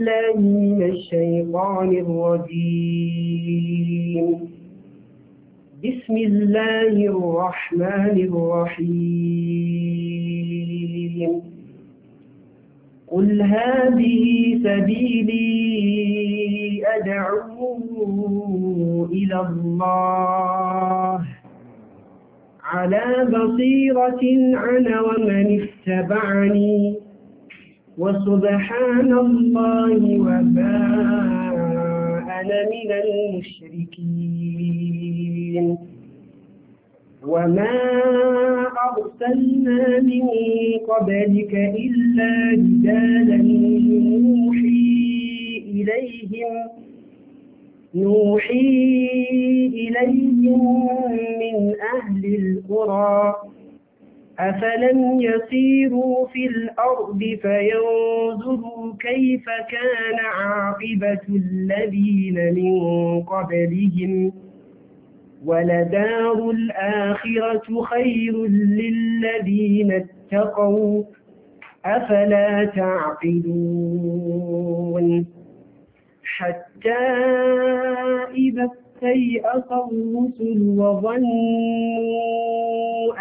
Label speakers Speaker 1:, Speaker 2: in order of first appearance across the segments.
Speaker 1: الله من الشيطان الرجيم بسم الله الرحمن الرحيم قل هذه سبيلي أدعو إلى الله على بصيرة أنا ومن اتبعني وسبحان الله وما أنا من المشركين وما أرسلنا من قبلك إلا رجالا نوحي إليهم نوحي إليهم من أهل القرى أفلم يسيروا في الأرض فينظروا كيف كان عاقبة الذين من قبلهم ولدار الآخرة خير للذين اتقوا أفلا تعقلون حتى إذا استيأس الرسل وظنوا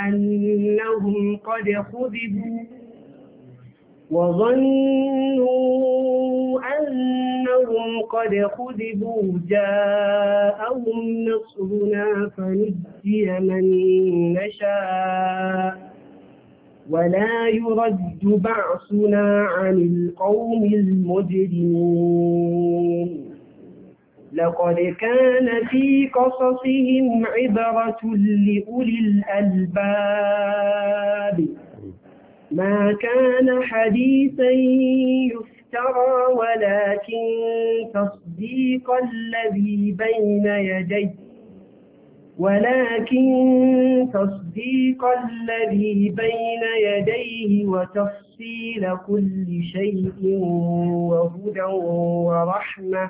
Speaker 1: أنهم قد خذبوا وظنوا أنهم قد خذبوا جاءهم نصرنا فنجي من نشاء ولا يرد بعثنا عن القوم المجرمين لقد كان في قصصهم عبرة لأولي الألباب ما كان حديثا يفترى ولكن تصديق الذي بين يديه ولكن تصديق الذي بين يديه وتفصيل كل شيء وهدى ورحمه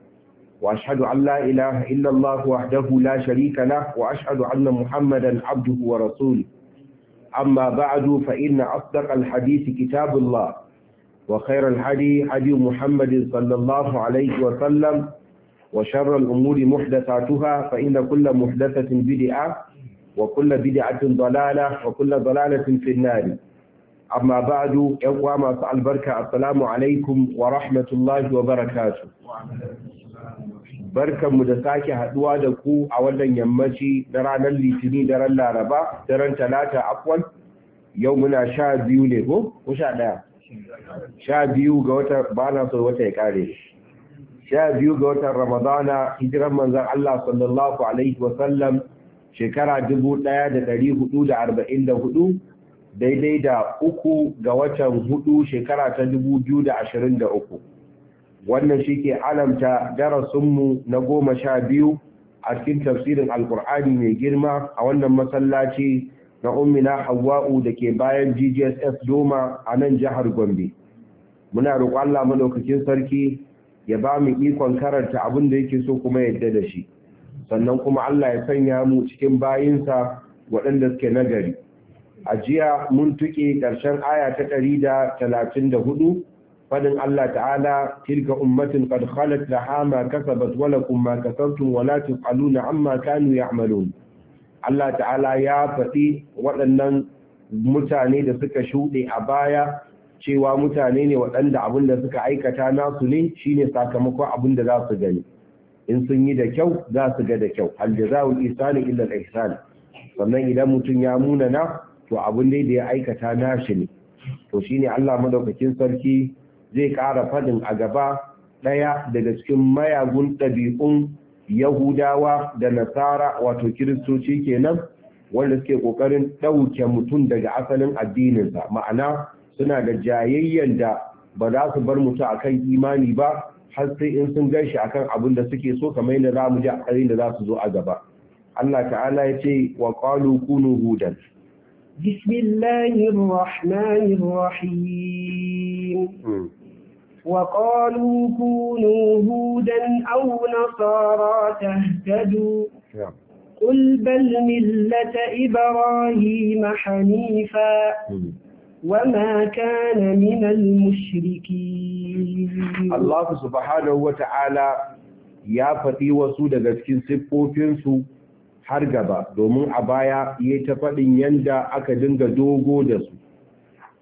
Speaker 2: وأشهد أن لا إله إلا الله وحده لا شريك له وأشهد أن محمدا عبده ورسوله أما بعد فإن أصدق الحديث كتاب الله وخير الحدي حدي محمد صلى الله عليه وسلم وشر الأمور محدثاتها فإن كل محدثة بدعة وكل بدعة ضلالة وكل ضلالة في النار أما بعد يوم البركة السلام عليكم ورحمة الله وبركاته barkanmu da sake haduwa da ku a wannan yammaci na ranar litini daren laraba daren talata afwan yau muna sha biyu ne ko ko sha daya sha biyu ga wata bana so wata ya kare sha biyu ga watan ramadana hijiran manzan Allah sallallahu alaihi wasallam shekara dubu daya da dari hudu da arba'in da hudu daidai da uku ga watan hudu shekara ta dubu biyu da ashirin da uku wannan shi ke alamta darasinmu na goma sha biyu a cikin tafsirin alkur'ani mai girma a wannan masallaci na ummina hawa'u da ke bayan GJSF doma a nan jihar gombe muna roƙo allah maɗaukakin sarki ya ba mu ikon karanta abin da yake so kuma yadda da shi sannan kuma allah ya sanya mu cikin bayinsa waɗanda suke nagari a jiya mun tuƙe ƙarshen aya ta ɗari da talatin da hudu fadin Allah ta'ala tilka ummatin qad khalat laha ma kasabat wa lakum ma kasabtum wa amma kanu ya'malun Allah ta'ala ya faɗi waɗannan mutane da suka shuɗe a baya cewa mutane ne waɗanda abin da suka aikata nasu ne shine sakamakon abin da za su gani in sun yi da kyau za su ga da kyau hal jazaa'ul ihsani illa al ihsan sannan idan mutum ya munana to abin da ya aikata nashi ne to shine Allah madaukakin sarki zai ƙara fadin a gaba ɗaya daga cikin mayagun ɗabi'un yahudawa da nasara wato kiristoci kenan wanda suke ƙoƙarin ɗauke mutum daga asalin addininsa ma'ana suna da jayayyen da ba za su bar mutum akan imani ba har sai in sun gaishe akan abin da suke so kamar yadda za ji a da za su zo a gaba Allah ta'ala ya ce wa qalu kunu hudan
Speaker 1: وقالوا كونوا هودا أو نصارى تهتدوا قل بل ملة إبراهيم حنيفا وما كان من المشركين
Speaker 2: الله سبحانه وتعالى ya faɗi wasu daga cikin siffofinsu har gaba domin a baya ya ta faɗin yadda aka dinga dogo da su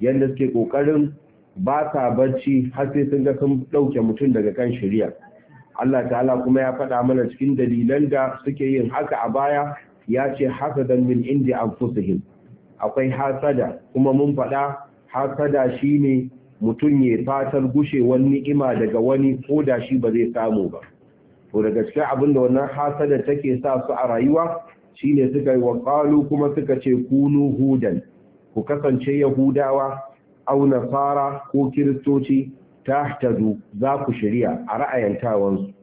Speaker 2: yadda suke ƙoƙarin ba sa bacci har sai sun ga sun ɗauke mutum daga kan shirya Allah ta'ala kuma ya faɗa mana cikin dalilan da suke yin haka a baya ya ce hasadan min indi anfusihim akwai hasada kuma mun faɗa hasada shine mutum ya fatar gushe wani ni'ima daga wani ko da shi ba zai samu ba to daga cikin abin da wannan hasada take sa su a rayuwa shine suka yi wa kuma suka ce kunu hudan ku kasance yahudawa au fara ko kiristoci ta tahtadu za ku shari'a a ra'ayantawansu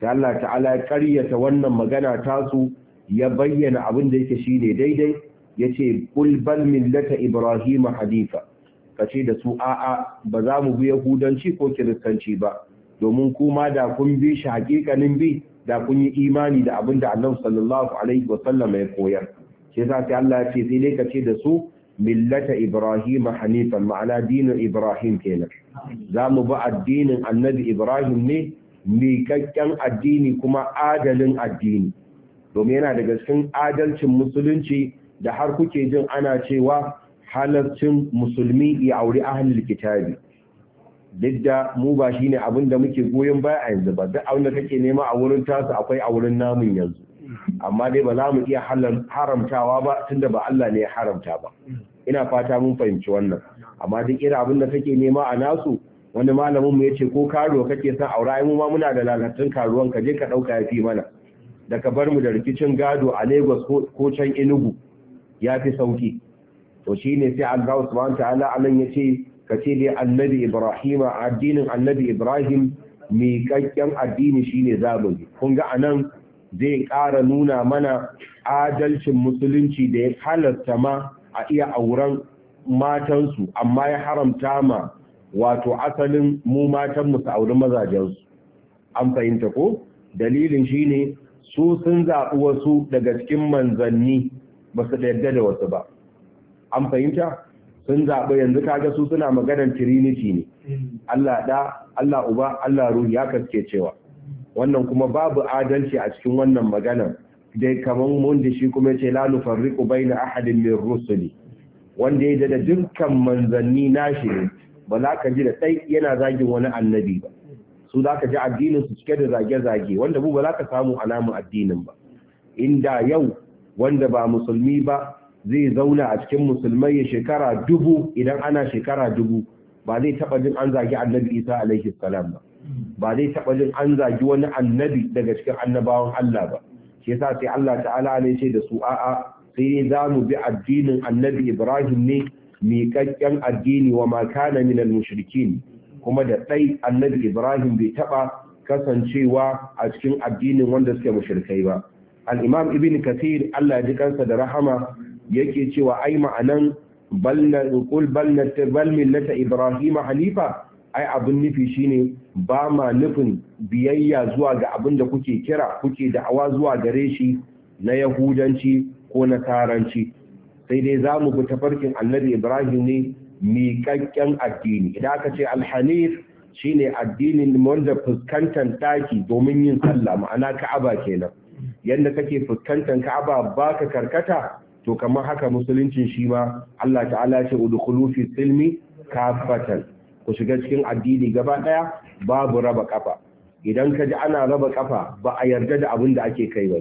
Speaker 2: ta Allah ta'ala ya karyata wannan magana tasu ya bayyana abin da yake shine daidai ya ce bal millata ibrahima Ka ce da su a'a ba za mu bi yahudanci ko kiristanci ba domin kuma da kun bi shi hakikanin bi da kun yi imani da abin da Annabi sallallahu alaihi wasallam ya koyar sai sa sai Allah ya ce sai dai ce da su millata Ibrahim hanifan ma'ana dinin Ibrahim kenan za mu bi addinin annabi Ibrahim ne miƙaƙƙen addini kuma adalin addini domin yana daga cikin adalcin musulunci da har kuke jin ana cewa halarcin musulmi ya auri ahlul kitabi duk da mu ba shine abin da muke goyon baya a yanzu ba duk abin da kake nema a wurin tasu akwai a wurin namun yanzu amma dai ba za mu iya haramtawa ba tunda ba Allah ne ya haramta ba ina fata mun fahimci wannan amma duk irin abin da kake nema a nasu wani malamin mu yace ko karo kake son aure, ai mu ma muna da lalatun karuwan ka je ka dauka yafi mana da ka bar mu da rikicin gado a Lagos ko can Enugu yafi sauki to shine sai Allah subhanahu ta'ala anan yace kace dai annabi Ibrahim addinin annabi Ibrahim miƙaƙƙen addini shine zamani kun ga anan zai ƙara nuna mana adalcin musulunci da ya halarta ma a iya auren matansu amma ya haramta ma wato asalin mu matanmu su auri mazajensu an fahimta ko dalilin shine su sun zaɓi wasu daga cikin manzanni ba su yarda da wasu ba an fahimta sun zaɓi yanzu kaga su suna maganar trinity ne mm. Allah da Allah uba Allah ruhi ya kaske cewa wannan kuma babu adalci a cikin wannan magana dai kamar mun da shi kuma ce la nufarriqu baina ahadin min rusuli wanda ya da dukkan manzanni nashi ne ba za ka ji da sai yana zagin wani annabi ba su za ka ji addinin su cike da zage-zage wanda mu ba za ka samu alamun addinin ba inda yau wanda ba musulmi ba zai zauna a cikin musulmai ya shekara dubu idan ana shekara dubu ba zai taba jin an zagi annabi isa alaihi salam ba ba zai taɓa jin an zagi wani annabi daga cikin annabawan Allah ba shi yasa sai Allah ta'ala ne ce da su a'a sai dai za mu bi addinin annabi Ibrahim ne miƙaƙƙen addini wa ma kana minal mushrikin kuma da ɗai annabi Ibrahim bai taɓa kasancewa a cikin addinin wanda suke mushrikai ba al-imam ibn kathir Allah ya ji kansa da rahama yake cewa ai ma'anan bal na qul bal millata ibrahima hanifa ai abun nufi shine ba ma nufin biyayya zuwa ga abin da kuke kira kuke da'awa zuwa gare shi na yahudanci ko na taranci sai dai za mu bi tafarkin annabi ibrahim ne miƙaƙƙen addini idan aka ce alhanif shine addinin wanda fuskantar taki domin yin sallah ma'ana ka'aba kenan yadda kake fuskantar ka'aba ba ka karkata to kamar haka musuluncin shi ma Allah ta'ala ce udkhulu fi silmi kafatan ku shiga cikin addini gaba daya babu raba kafa idan ka ji ana raba kafa ba a yarda da abin da ake kai ba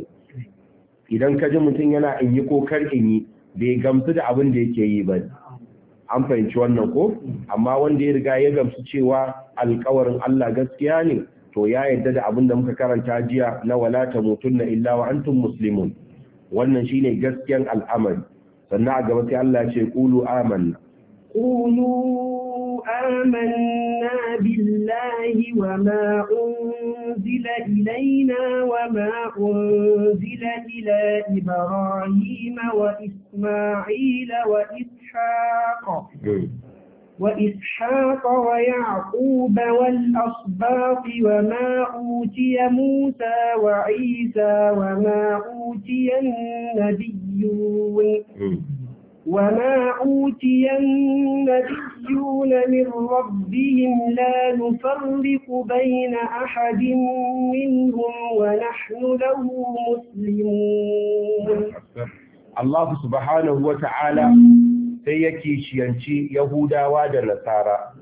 Speaker 2: idan ka ji mutum yana in yi ko kar in yi bai gamsu da abin da yake yi ba an fahimci wannan ko amma wanda ya riga ya gamsu cewa alkawarin Allah gaskiya ne to ya yarda da abin da muka karanta jiya na wala mutunna illa wa antum muslimun wannan shine gaskiyan al'amari sannan a gaba sai Allah ya ce qulu amanna
Speaker 1: qulu آمنا بالله وما أنزل إلينا وما أنزل إلى إبراهيم وإسماعيل وإسحاق وإسحاق ويعقوب والأصباط وما أوتي موسى وعيسى وما أوتي النبيون وما أوتي النبيون من ربهم لا نفرق بين أحد منهم ونحن له مسلمون
Speaker 2: الله سبحانه وتعالى sai ya kishiyanci Yahudawa da Nasara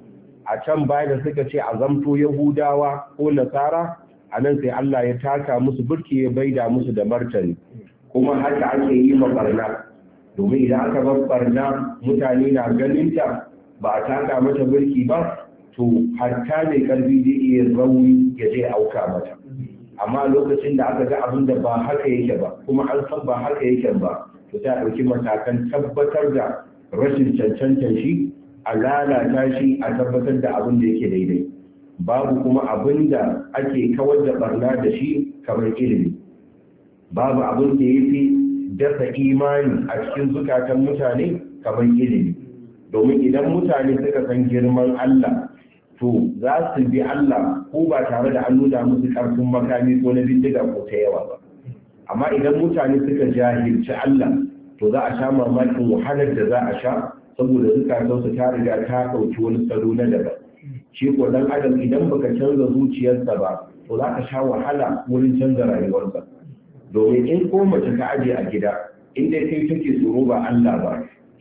Speaker 2: a can bayan da suka ce a zamto Yahudawa ko Nasara a nan sai Allah ya taka musu burki ya baida musu da martani
Speaker 1: kuma haka ake yi mabarna
Speaker 2: domin idan aka bar barna mutane na ganin ta ba a taka mata mulki ba to ta mai karfi zai iya rauni ya je auka mata amma lokacin da aka ga abin da ba haka yake ba kuma an san ba haka yake ba to ta ɗauki matakan tabbatar da rashin cancantar shi a lalata shi a tabbatar da abin da yake daidai babu kuma abin da ake kawar da barna da shi kamar ilimi babu abin da ya fi Dafa imani a cikin zukatan mutane kamar ilimi domin idan mutane suka san girman Allah to za su bi Allah ko ba tare da an nuna musu karfin makami ko na bindiga ko ta yawa ba amma idan mutane suka jahilci Allah to za a sha mamakin wahalar da za a sha saboda zukatan su ta riga ta ɗauki wani salo na daban shi ko dan adam idan baka canza zuciyarsa ba to za ka sha wahala wurin canza rayuwarsa domin in ko mace ka aje a gida in dai kai take tsoro ba Allah ba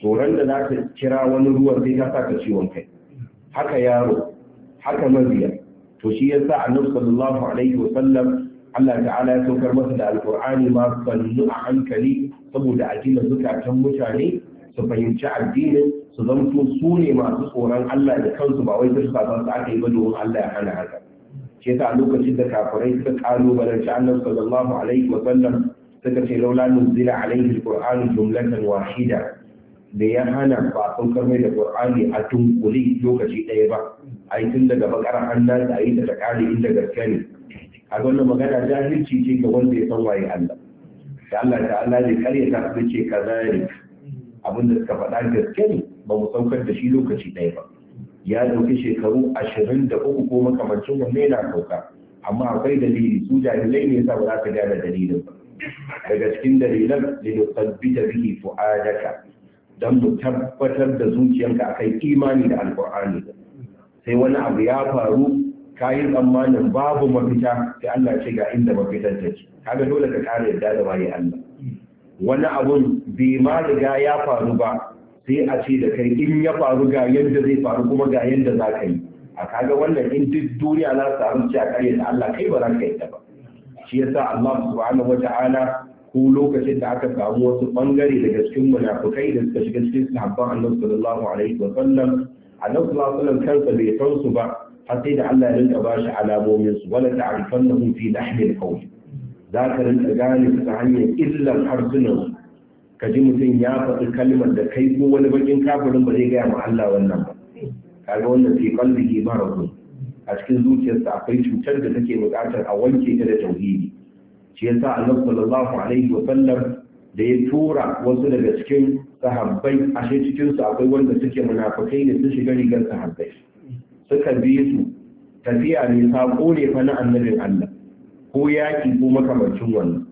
Speaker 2: tsoron da za ta kira wani ruwan sai ka saka ciwon kai haka yaro haka mabiya to shi yasa annabi sallallahu alaihi wasallam Allah ta'ala ya saukar masa da alqur'ani ma sannu a hankali saboda addinin zukatan mutane su fahimci addinin su zamto su ne masu tsoron Allah da kansu ba wai duk ba su aka yi ba domin Allah ya hana haka shi yasa a lokacin da kafirai suka kalubalanci annabi sallallahu alaihi wa sallam suka ce laula nuzila alaihi alquran jumlatan wahida da ya hana ba saukar mai da qur'ani a tunkuli lokaci daya ba ai tun daga bakara an nan da ayi ta kare inda gaske ne a wannan magana jahilci ce ga wanda ya san waye Allah da Allah ta Allah ne kare ta su ce kazalik abinda suka faɗa gaske ne ba mu saukar da shi lokaci daya ba ya dauki shekaru ashirin da uku ko makamancin wanne yana sauka amma akwai dalili su jahilai ne yasa ba za ka gane dalilin ba daga cikin dalilan linusabbita bihi fu'adaka don mu tabbatar da zuciyanka akai imani da alkur'ani sai wani abu ya faru yi tsammanin babu mafita sai Allah ce ga inda mafitar ta ce kaga dole ka kare yarda da waye Allah wani abun bai ma riga ya faru ba sai a ce da kai in ya faru ga yadda zai faru kuma ga yadda za ka yi a kaga wannan in duk duniya su samu ci a kare da Allah kai ba za ka yi ta ba shi yasa Allah subhanahu wata'ala ko lokacin da aka samu wasu bangare daga cikin munafukai da suka shiga cikin sahabban Annabi sallallahu alaihi wa sallam Annabi sallallahu alaihi wa sallam kansa bai san su ba har sai da Allah ya rinka ba shi alamomin su wala ta'rifannahum fi lahmil qawl za ka rinka gane su ta hanyar illar harsunan ka ji mutum ya faɗi kalmar da kai ko wani bakin kafirin ba zai gaya ma Allah wannan ba kaga wannan sai kalbihi maradun a cikin zuciyarsa akwai cutar da take buƙatar a wanke ta da tauhidi shi yasa Allah sallallahu alaihi wa sallam da ya tura wasu daga cikin sahabbai ashe cikin su akwai wanda suke munafikai ne sun shiga rigar sahabbai suka bi su tafiya ne sako ne fa na annabin Allah ko yaki ko makamancin wannan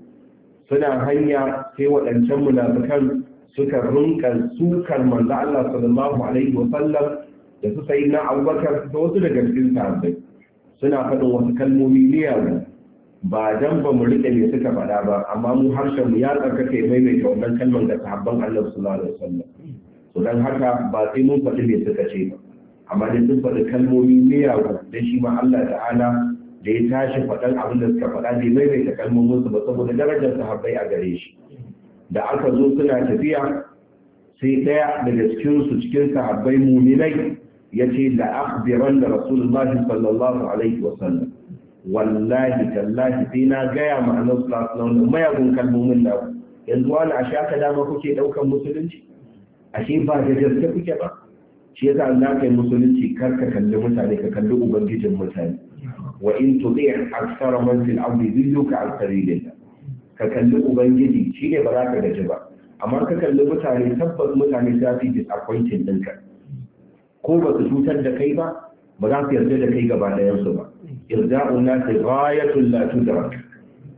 Speaker 2: suna hanya sai waɗancan munafikan suka rinka sukar manzo Allah sallallahu alaihi wa sallam da su sai na Abubakar da wasu daga cikin sahabbai suna faɗin wasu kalmomi miyagu ba dan ba mu rike me suka faɗa ba amma mu harshen mu ya tsarkake maimaita wannan kalman da sahabban Allah sallallahu alaihi wa sallam to dan haka ba sai mun faɗi me suka ce ba amma dai sun faɗi kalmomi miyagu da shi ma Allah ta'ala da ya tashi faɗan abin da suka faɗa bai mai kalmomin su ba saboda darajar sahabbai a gare shi da aka zo suna tafiya sai ɗaya daga cikin su cikin sahabbai muminai ya ce la akhbiran da rasulullahi sallallahu alaihi wa sallam wallahi tallahi sai na gaya ma annabi sallallahu alaihi wa mayagun kalmomin da yanzu wani a aka dama kuke ɗaukar musulunci ashe ba da gaske kuke ba shi yasa Allah kai musulunci kar ka kalli mutane ka kalli ubangijin mutane wa in tuti' aktsara man fil ardi yudilluka an sabilillah ka kalli ubangiji shi ne ba za ka gaji ba amma ka kalli mutane tabbas mutane za su yi disappointing ɗinka ko ba su cutar da kai ba ba za su yarda da kai gaba ɗayansu ba irza'un nasi ghayatul la tudrak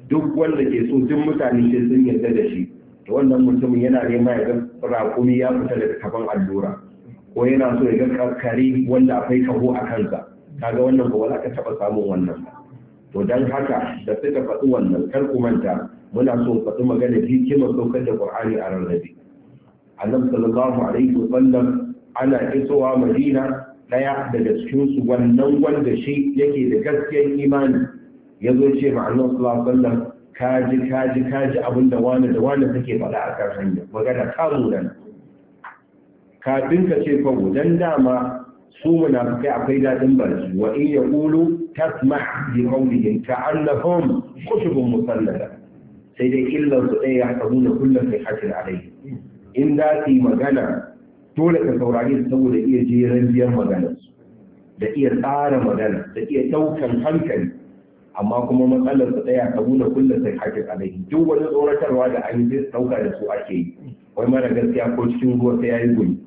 Speaker 2: duk wanda ke so duk mutane sai sun yarda da shi to wannan mutumin yana nema ya ga rakumi ya fita daga kafan allura ko yana so ya ga kare wanda akwai kaho a kansa kaga wannan ba wala ka taɓa samun wannan ba to dan haka da suka faɗi wannan kar ku manta muna so faɗi magana hikimar saukar da Qur'ani a rarrabe annabi sallallahu alaihi wasallam ana isowa Madina daya daga cikin su wannan wanda shi yake da gaskiyar imani yazo ce ma annabi sallallahu alaihi kaji kaji kaji abinda wani da wani take faɗa a kan hanya magana kamu nan ce fa gudan dama su kai akwai daɗin barci wa in yaqulu tasma' li qawlihim ka'annahum kutubun musallada sai dai illar su ɗaya haka nuna kullum kai hakin alai in za su yi magana dole ka saurari saboda iya jeren biyar magana da iya tsara magana da iya ɗaukan hankali amma kuma matsalar su ɗaya ka nuna kullum kai hakin alai duk wani tsoratarwa da an yi ɗauka da su ake yi wai mara gaskiya ko cikin ruwa sai ya yi gumi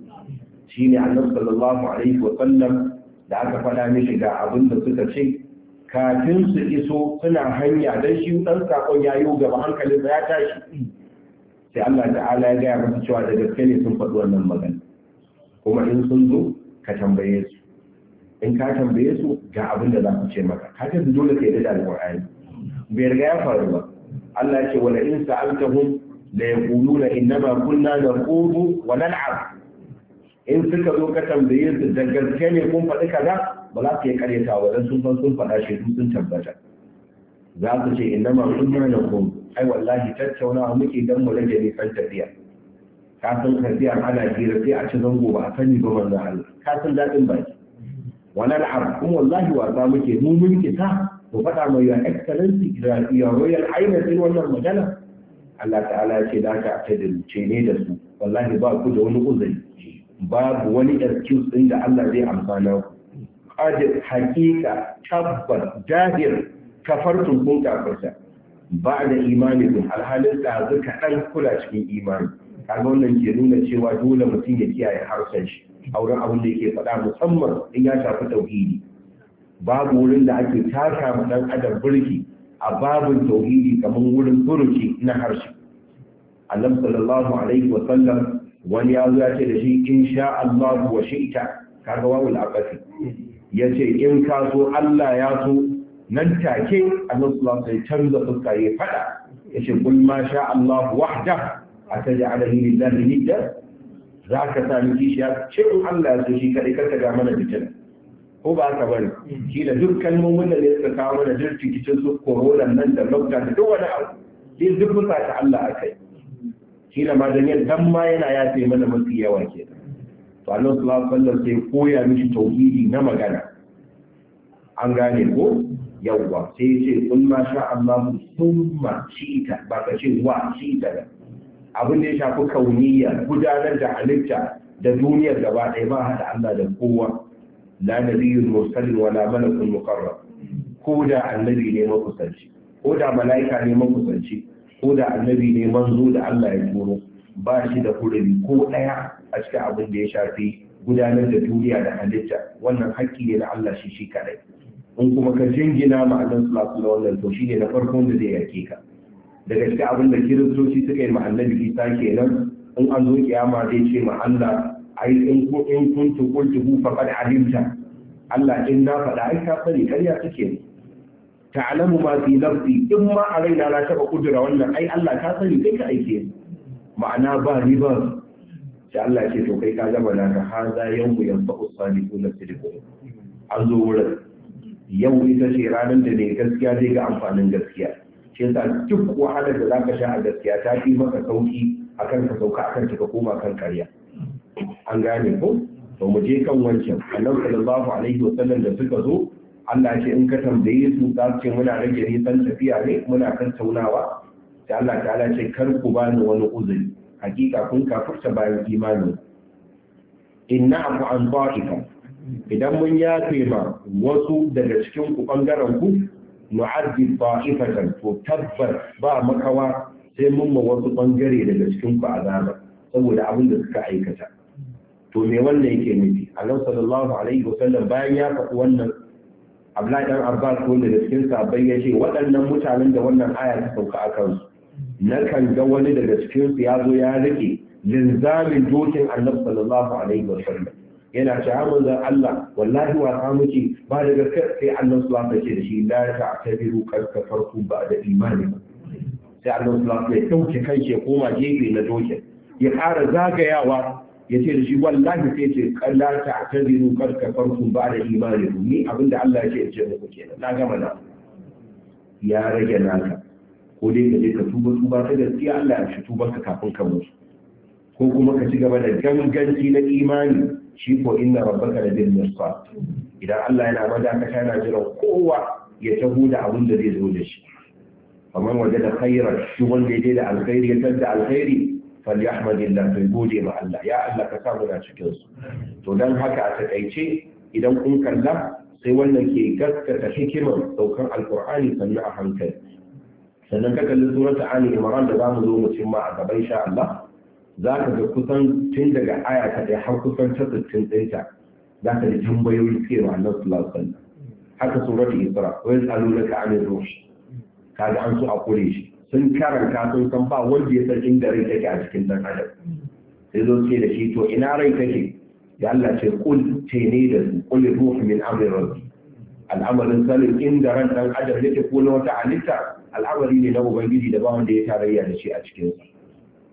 Speaker 2: shine ne sallallahu alaihi wa sallam da aka faɗa mishi ga abin da suka ce kafin su iso suna hanya don shi ɗan sakon ya yi gaba hankalin ya tashi sai Allah ta'ala ya gaya masa cewa da gaske ne sun faɗi wannan magana kuma in sun zo ka tambaye su in ka tambaye su ga abin da za ku ce maka ka dole ka yi da alƙur'ani bai riga ya faru ba Allah ya ce wala in sa'altahum la yaquluna innama kunna naqudu wa nal'ab in suka zo ka tambaye su da ne kun faɗi kaza ba za su yi karyatawa dan sun san sun faɗa shi sun tabbata za su ce inna ma kunna lakum ai wallahi tattaunawa muke dan mu rage ne tafiya ka san tafiya ana hira sai a ci zango ba a sani ba manzo Allah ka san dadin baki wannan al'ab kuma wallahi wasa muke mu mun kita mu faɗa mai ya excellency ya royal highness wannan magana Allah ta'ala ya ce da ka a ce ne da su wallahi ba ku da wani uzuri babu wani excuse ɗin da Allah zai amfana ku qadir haqiqa tabbat dahir kafartum kun kafarta ba da imani kun alhalin da kaɗan kula cikin imani kaga wannan ke nuna cewa dole mutum ya kiyaye harshen shi auren abin da yake faɗa musamman in ya shafi tauhidi babu wurin da ake taka ma dan adam birki, a babin tauhidi kamar wurin furuci na harshe annabi sallallahu alaihi wa sallam wani ya zo ya ce da shi in sha Allah wa shi'ta kaga wawul ya yace in ka so Allah ya so nan take Allah sallallahu ya canza fuska ya fada yace kul ma sha Allah wahda ataj'alani lillahi nidda zaka sami kishi ya ce in Allah ya so shi kadai karka ga mana bitin ko ba ka bari kila duk kalmomin da ne suka kawo mana duk cikin su koronan nan da lokacin duk wani abu duk fuska ta Allah akai shi na ma dan dan ma yana yafe mana mafi yawa ke to Allah sallallahu sai koya mishi tauhidi na magana an gane ko yawwa sai ce kun ma sha Allah shi ta ba ka ce wa ta ba abin da ya shafi kauniya gudanar da halitta da duniyar gaba ɗaya ba haɗa Allah da kowa la nabiyyun mursalin wala malakun muqarrab ko da annabi ne makusanci ko mala'ika ne makusanci ko da annabi ne manzo da Allah ya turo ba shi da hurumi ko ɗaya a cikin abin da ya shafi gudanar da duniya da halitta wannan haƙƙi ne na Allah shi shi kadai in kuma ka jingina ma annabi sallallahu alaihi wasallam to ne na farkon da zai yake ka daga cikin abin da kiristoci suka yi ma annabi Isa kenan in an zo kiyama zai ce ma Allah ai in kun in kuntu faqad alimta Allah in na faɗa ai ka sani ƙarya kake ne ta'lamu ma fi nafsi in ma a raina na taba kudura wannan ai Allah ka sani kai ka aike ma'ana ba riba da Allah ya ce to kai ka zama na ka haza yawmu yanfa'u salihun sidqu an zo wurin yau ita ce ranar da ne gaskiya zai ga amfanin gaskiya shi yasa duk wahalar da zaka sha a gaskiya ta fi maka sauki akan ka sauka akan ka koma kan karya an gane ko to mu je kan wancan annabi sallallahu alaihi wasallam da suka zo Allah ce in ka tambaye su za su ce muna rage nisan tafiya ne muna kan taunawa. Da Allah ta'ala ce kar ku bani wani uzuri hakika kun kafurta bayan imani inna abu an ta'ifa idan mun yafe ma wasu daga cikin ku bangaren ku nu'azzib ta'ifatan to tabbar ba makawa sai mun ma wasu bangare daga cikin ku azaba saboda abin da suka aikata to me wannan yake nufi Allah sallallahu alaihi wasallam bayan ya faɗi wannan Abdullahi dan Abbas wanda da cikin sabai ya ce waɗannan mutanen da wannan aya ta sauka a kansu na kan ga wani daga cikin su ya zo ya rike linzamin dokin Allah sallallahu alaihi wasallam yana ce ha manzon Allah wallahi wa ka muke ba daga kai sai Allah subhanahu wa ce da shi la ta'tabiru kad farko ba da imani sai Allah subhanahu wa ya dauke kanshi ya koma gefe na dokin ya ƙara zagayawa ya ce da shi wallahi sai ce kalla ta ta ziru karka farkun ba da imani ni abinda Allah ya ce ya ce muku kenan na gama na ya rage naka ko dai ka je ka tuba tuba ta gaskiya Allah ya shi tuba ka kafin ka mutu ko kuma ka ci gaba da ganganci na imani shi ko inna rabbaka la bil mirsad idan Allah yana ka yana jiran kowa ya taho da abin da zai zo da shi kamar waje da khairar shi wanda ya da alkhairi ya tada alkhairi falyahmadillah bai gode ma Allah ya Allah ka samu na cikin su to dan haka a takaice idan kun kalla sai wannan ke gaskata hikimar saukan alkur'ani sannu a hankali sannan ka kalli surata ali imran da zamu zo mu cimma a gaban sha Allah za ka ga kusan tun daga aya ta ɗaya har kusan ta sittin ɗinta za ka ji tambayoyi suke ma Allah sallallahu alaihi haka surata isra wa yasalunaka anir ruh kaga an so a kure shi sun karanta sun san ba wanda ya san inda rai take a cikin dan adam sai zo ce da shi to ina rai take ya Allah ce kul ce ne da su kul ruhu min amri rabbi al'amarin salin, inda ran dan adam yake ko na wata halitta al'amari ne na ubangiji da ba wanda ya tarayya da shi a cikin sa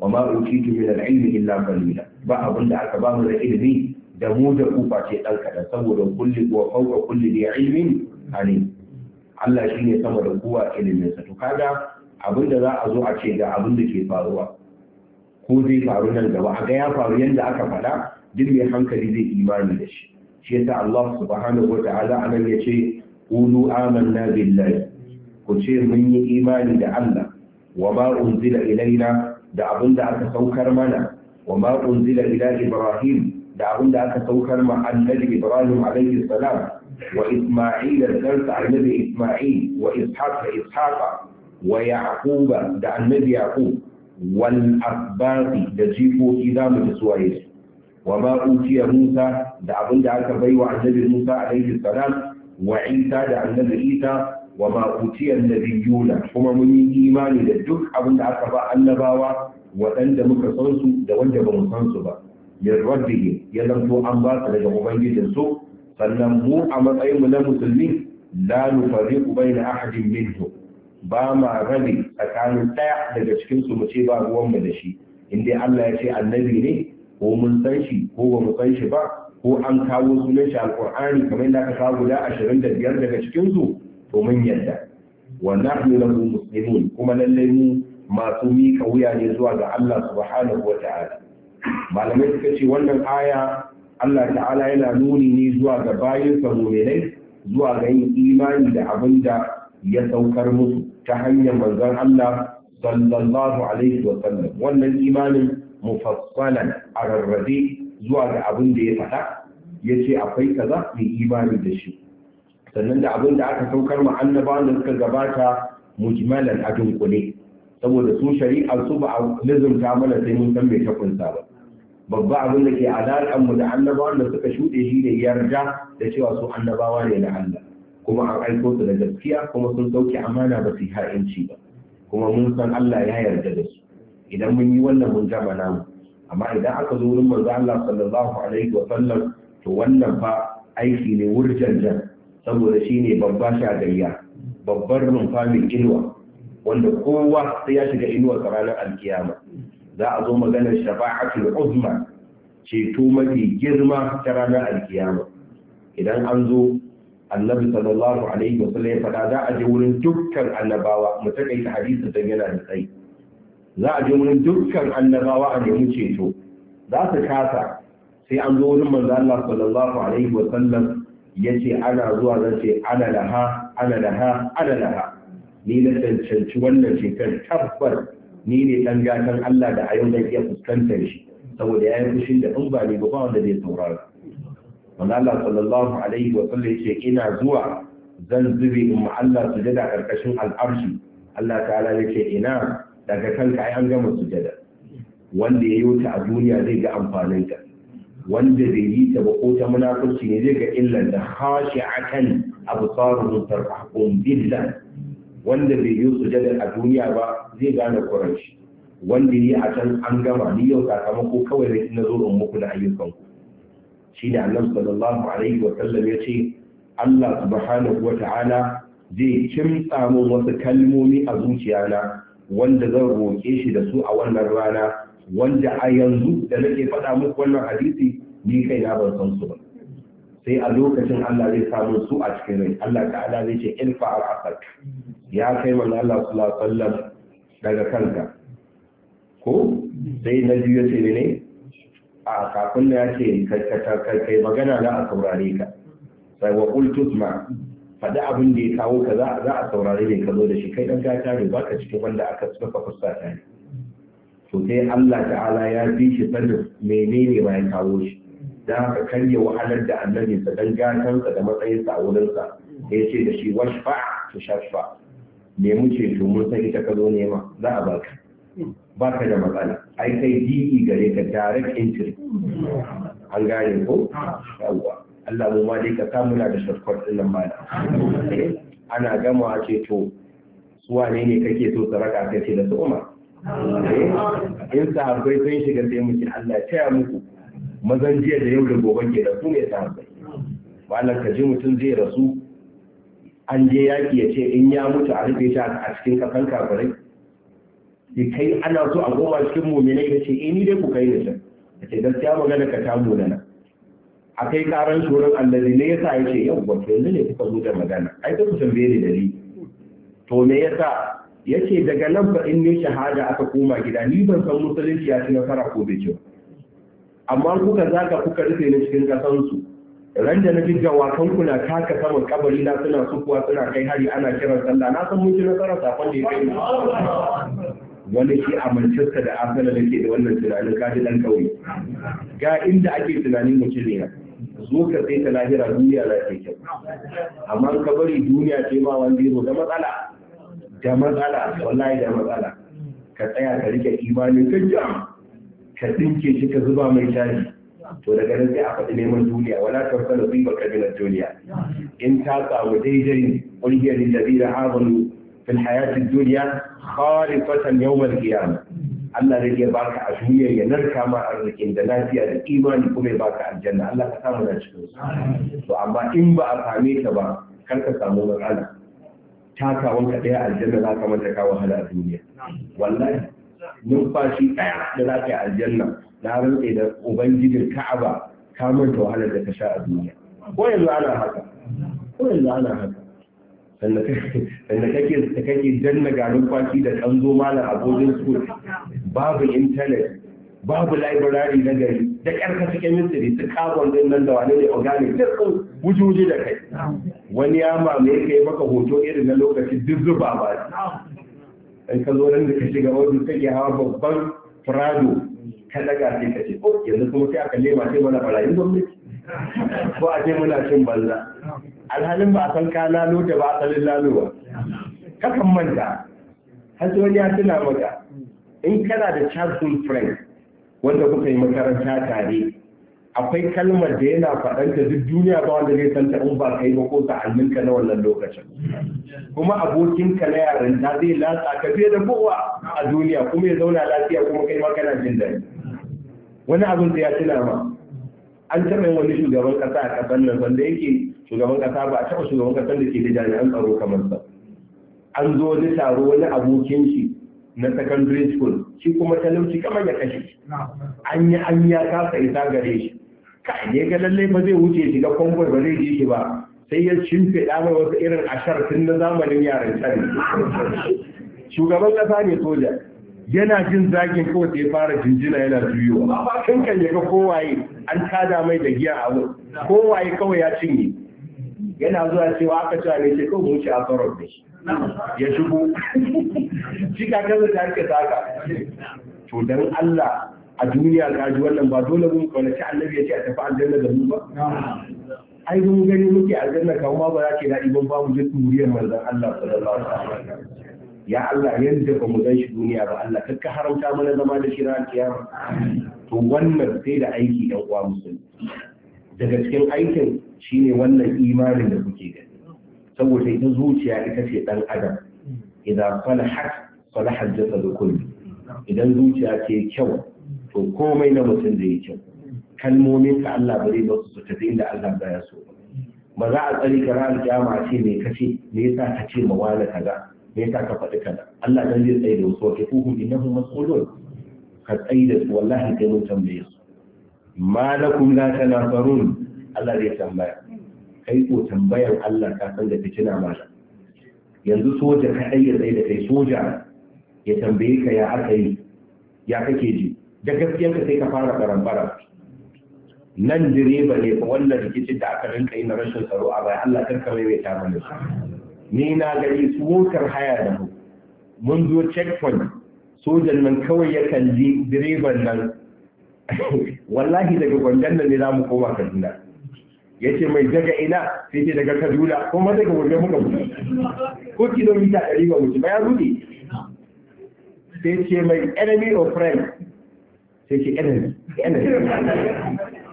Speaker 2: wa ma utitu min al-ilmi illa qalila ba abin da aka ba mu da ilimi da mu da ku ce dan kadan saboda kulli wa fawqa kulli ilmin alim Allah shine sama da kowa iliminsa. To kaga abin da za a zo a ce ga abin da ke faruwa ko zai faru nan gaba a ga ya faru yadda aka faɗa duk mai hankali zai imani da shi shi yasa Allah subhanahu wa ta'ala nan ya ce qulu amanna billahi ku ce mun yi imani da Allah wa ma unzila ilaina da abin da aka saukar mana wa ma unzila ila ibrahim da abin da aka saukar ma annabi ibrahim alaihi salam wa isma'il da sarsa annabi isma'il wa ishaq ishaqa wa yaquba da annabi yaqub wal da jifoki za mu ji suwaye su wa ma musa da abin da aka bai wa annabi musa alaihi salam wa isa da annabi isa wa ma utiya annabiyuna kuma mun yi imani da duk abin da aka ba annabawa waɗanda muka san su da wanda ba mu san su ba min rabbihi ya zanto an basu su daga ubangijin su sannan mu a matsayin mu na musulmi la nufarriqu baina ahadin minhum ba ma rabe tsakanin ɗaya daga cikin su mu ce ba ruwan mu da shi in dai Allah ya ce annabi ne ko mun san shi ko ba mu san shi ba ko an kawo sunan shi alqur'ani kamar da aka kawo guda 25 daga cikin su to mun yarda wa nahnu lahu muslimun kuma lallai mu masu mika wuya ne zuwa ga Allah subhanahu wa ta'ala malamai suka ce wannan aya Allah ta'ala yana nuni ne zuwa ga bayin sa mu'minai zuwa ga yin imani da abin da ya saukar musu ta hanyar manzon Allah sallallahu alaihi wa sallam wannan imanin mufassalan a rarrabe zuwa ga abin da ya faɗa ya ce akwai kaza mai imani da shi sannan da abin da aka saukar ma annabawan da suka gabata mujmalan a dunkule saboda su shari'a su ba a lizumta mana sai mun san mai takunsa ba babba abin da ke alaƙar mu da annabawan da suka shuɗe shi ne yarda da cewa su annabawa ne na Allah kuma an aiko su da gaskiya kuma sun sauke amana ba su yi ha'inci ba kuma mun san Allah ya yarda da su idan mun yi wannan mun gama namu amma idan aka zo wurin manzo Allah sallallahu alaihi wa sallam to wannan fa aiki ne wurjanjan saboda shine babba shagayya babbar rumfa mai inuwa wanda kowa sai ya shiga inuwa ranar alkiyama za a zo maganar shafa'atul uzma ceto mafi girma ta ranar alkiyama idan an zo annabi sallallahu alaihi wa sallam ya faɗa za a je wurin dukkan annabawa mu ta hadisi dan yana da tsayi za a je wurin dukkan annabawa a nemi ceto za su kasa sai an zo wurin manzo Allah sallallahu alaihi wa sallam yace ana zuwa zan ce ana laha ana laha ana laha ni na cancanci wannan shekar tabbar ni ne dan gatan Allah da a yau zan iya fuskantar shi saboda ya yi fushin da in ba ne ba wanda zai saurara wanda Allah sallallahu alaihi wa sallam yace ina zuwa zan zube in ma Allah sujada karkashin al'arshi Allah ta'ala yace ina daga kanka ai an gama sujada wanda ya yi wuta a duniya zai ga amfanin wanda bai yi ta ba ko munafurci ne zai ga illan da khashi'atan absaruhum tarfahum billah wanda bai yi sujada a duniya ba zai gane kuranci wanda yi a can an gama ni yau sakamako kawai na zo in muku da ayyukanku shi da annabi sallallahu alaihi wa sallam ya ce Allah subhanahu wa ta'ala zai kimsa min wasu kalmomi a zuciyana wanda zan roƙe shi da su a wannan rana wanda a yanzu da nake faɗa muku wannan hadisi ni kai na ban san su ba sai a lokacin Allah zai samu su a cikin rai Allah ta'ala zai ce irfa al ya kai manzo Allah sallallahu alaihi sallam daga kanka ko sai na biyu ya ne a kafin da ya ce kai magana za a saurare ka sai wa kultus ma faɗi abin da ya kawo ka za a saurare ne ka zo da shi kai ɗan gata ne ba ka cikin wanda aka suka fuska ta ne to sai Allah ta'ala ya bi shi sanin menene ma ya kawo shi da haka karya wahalar da annabinsa don gatansa da matsayinsa a wurinsa ya ce da shi washfa to ne mu ce mun san ita ka zo nema za a baka ba ka da matsala ai kai dini gare ka direct entry an gane ko yawwa Allah mu ma dai ka samu da shortcut din nan ma eh? ana gama ce to su ne ne kake so ka raka kai ce da su umar eh? in sahabbai sun shiga sai mu ce Allah ya taya muku mazan jiya da yau da gobe ke da su ne sahabbai malam ka ji mutum zai rasu an je yaki ya ce in ya mutu a rufe shi a cikin kasan kafirai sai kai ana so a goma cikin muminai ya ce eh, ni dai ku kai da can da ce gaskiya magana ka ta da nan a kai karan shurin allazi ne yasa ya ce yau ba yanzu ne kuka zo da magana ai ta ku tambaye ni dalili to me yasa yace daga nan ba in ne shahada aka koma gida ni ban san musulunci ya ci nasara ko bai ci amma kuka zaka kuka rufe ni cikin kasansu ran da na ji jawakan na taka saman kabari na suna sukuwa suna kai hari ana kiran sallah na san mun ci nasara safon da ya kai wani shi a Manchester da Arsenal ke da wannan tunanin kaji dan kauye ga inda ake tunanin mutum ne zo ka sai ta lahira duniya za ta kyau amma ka bari duniya ce ma wanda yazo da matsala da matsala wallahi da matsala ka tsaya ka rike imanin ka jam ka dinke shi ka zuba mai tari to daga nan sai a faɗi neman duniya wala ta tarsala zuba kabilar duniya in ta samu daidai ƙungiyar da zira fil hayatin duniya kharifatan yawmal qiyamah Allah zai iya baka a duniya ya narka ma arzikin da lafiya da imani kuma baka aljanna Allah ka samu da cikin su to in ba a same ta ba kar ka samu matsala takawan ka daya aljanna za ka manta ka wahala a duniya wallahi numfashi daya da za ka aljanna na rantse da ubangijin ka'aba ka manta wahalar da ka sha a duniya haka haka sannan kake kake janna garin kwaki da kanzo malam a boarding school babu intanet babu library na gari da karka su chemistry su carbon din nan da wani ne organic duk sun wujuji da kai wani ya mamaye kai maka hoto irin na lokaci duk zuba ba in ka zo nan da ka shiga wani kake hawa babban prado ka daga sai ka ce oh yanzu kuma sai aka lema sai mana barayin gwamnati ko a ce muna cin banza alhalin ba a san ka lalo da ba asalin lalo ba kakan manta hasu wani ya tuna maka in kana da Charles frank wanda kuka yi makaranta tare akwai kalmar da yana faɗanta duk duniya ba wanda zai san ta in ba kai ba ko ka na wannan lokacin kuma abokinka na yaran ta zai latsa ka fiye da kowa a duniya kuma ya zauna lafiya kuma kai ma kana jin daɗi wani abin da ya tuna ma an taɓa yin wani shugaban ƙasa a ƙasar nan wanda yake shugaban kasa ba a taɓa shugaban kasar da ke da jami'an tsaro kamar sa an zo wani taro wani abokin shi na secondary school shi kuma talauci kamar ya kashe an yi an ya kasa isa gare shi kai ne ga lallai ba zai wuce shiga kwangwar ba zai ji shi ba sai ya shimfiɗa mai wasu irin ashar tun na zamanin yaran can shugaban kasa ne soja yana jin zagin kawai sai fara jinjina yana juyo kankan ya ga kowaye an tada mai da giya a kowaye kawai ya cinye yana zuwa cewa aka cewa ne ce kawai wuce a tsoron da shi ya shigo shi kakar da ake saka to don Allah a duniya ka ji wannan ba dole mun kwanaci annabi ya ce a tafi aljanna da mu ba ai mun gani muke aljanna kawo ma ba za ke daɗi ban ba mu jin turiyar manzon Allah sallallahu alaihi wasallam ya Allah yanda ba mu gan shi duniya ba Allah kakka haramta mana zama da shi ran kiyama to wannan sai da aiki dan uwa musulmi daga cikin aikin shine wannan imanin da kuke gani saboda ita zuciya ita ce dan adam idan salahat salahat jasadu kulli idan zuciya ce kyau to komai na mutum zai yi kyau kalmomin ka Allah bare ba su tafi inda Allah ya so ba za a tsari ka ran jama'a ce me kace me yasa ka ce ma wani kaza me yasa ka faɗi kaza Allah dan zai tsaye da wasu wa kifuhum innahum mas'ulun ka tsaye da su wallahi kai mun tambaye su malakum la tanasarun Allah zai tambaya kai ko tambayar Allah ka san da na mata yanzu soja kaɗai ya tsaye da kai soja ya tambaye ka ya aka yi ya kake ji da ka sai ka fara karambara nan direba ne ko wannan rikicin da aka rinka yi na rashin tsaro a bai Allah karka mai mai ta mana ni na gani su haya da mu mun zo checkpoint sojan nan kawai ya kalli direban nan wallahi daga gwandan ne za mu koma kaduna ya ce mai daga ina sai ce daga kaduna kuma daga gwandan muka mutu ko kilomita ɗari ba mutu bayan rudi sai ce mai enemy of friend sai ce enemy enemy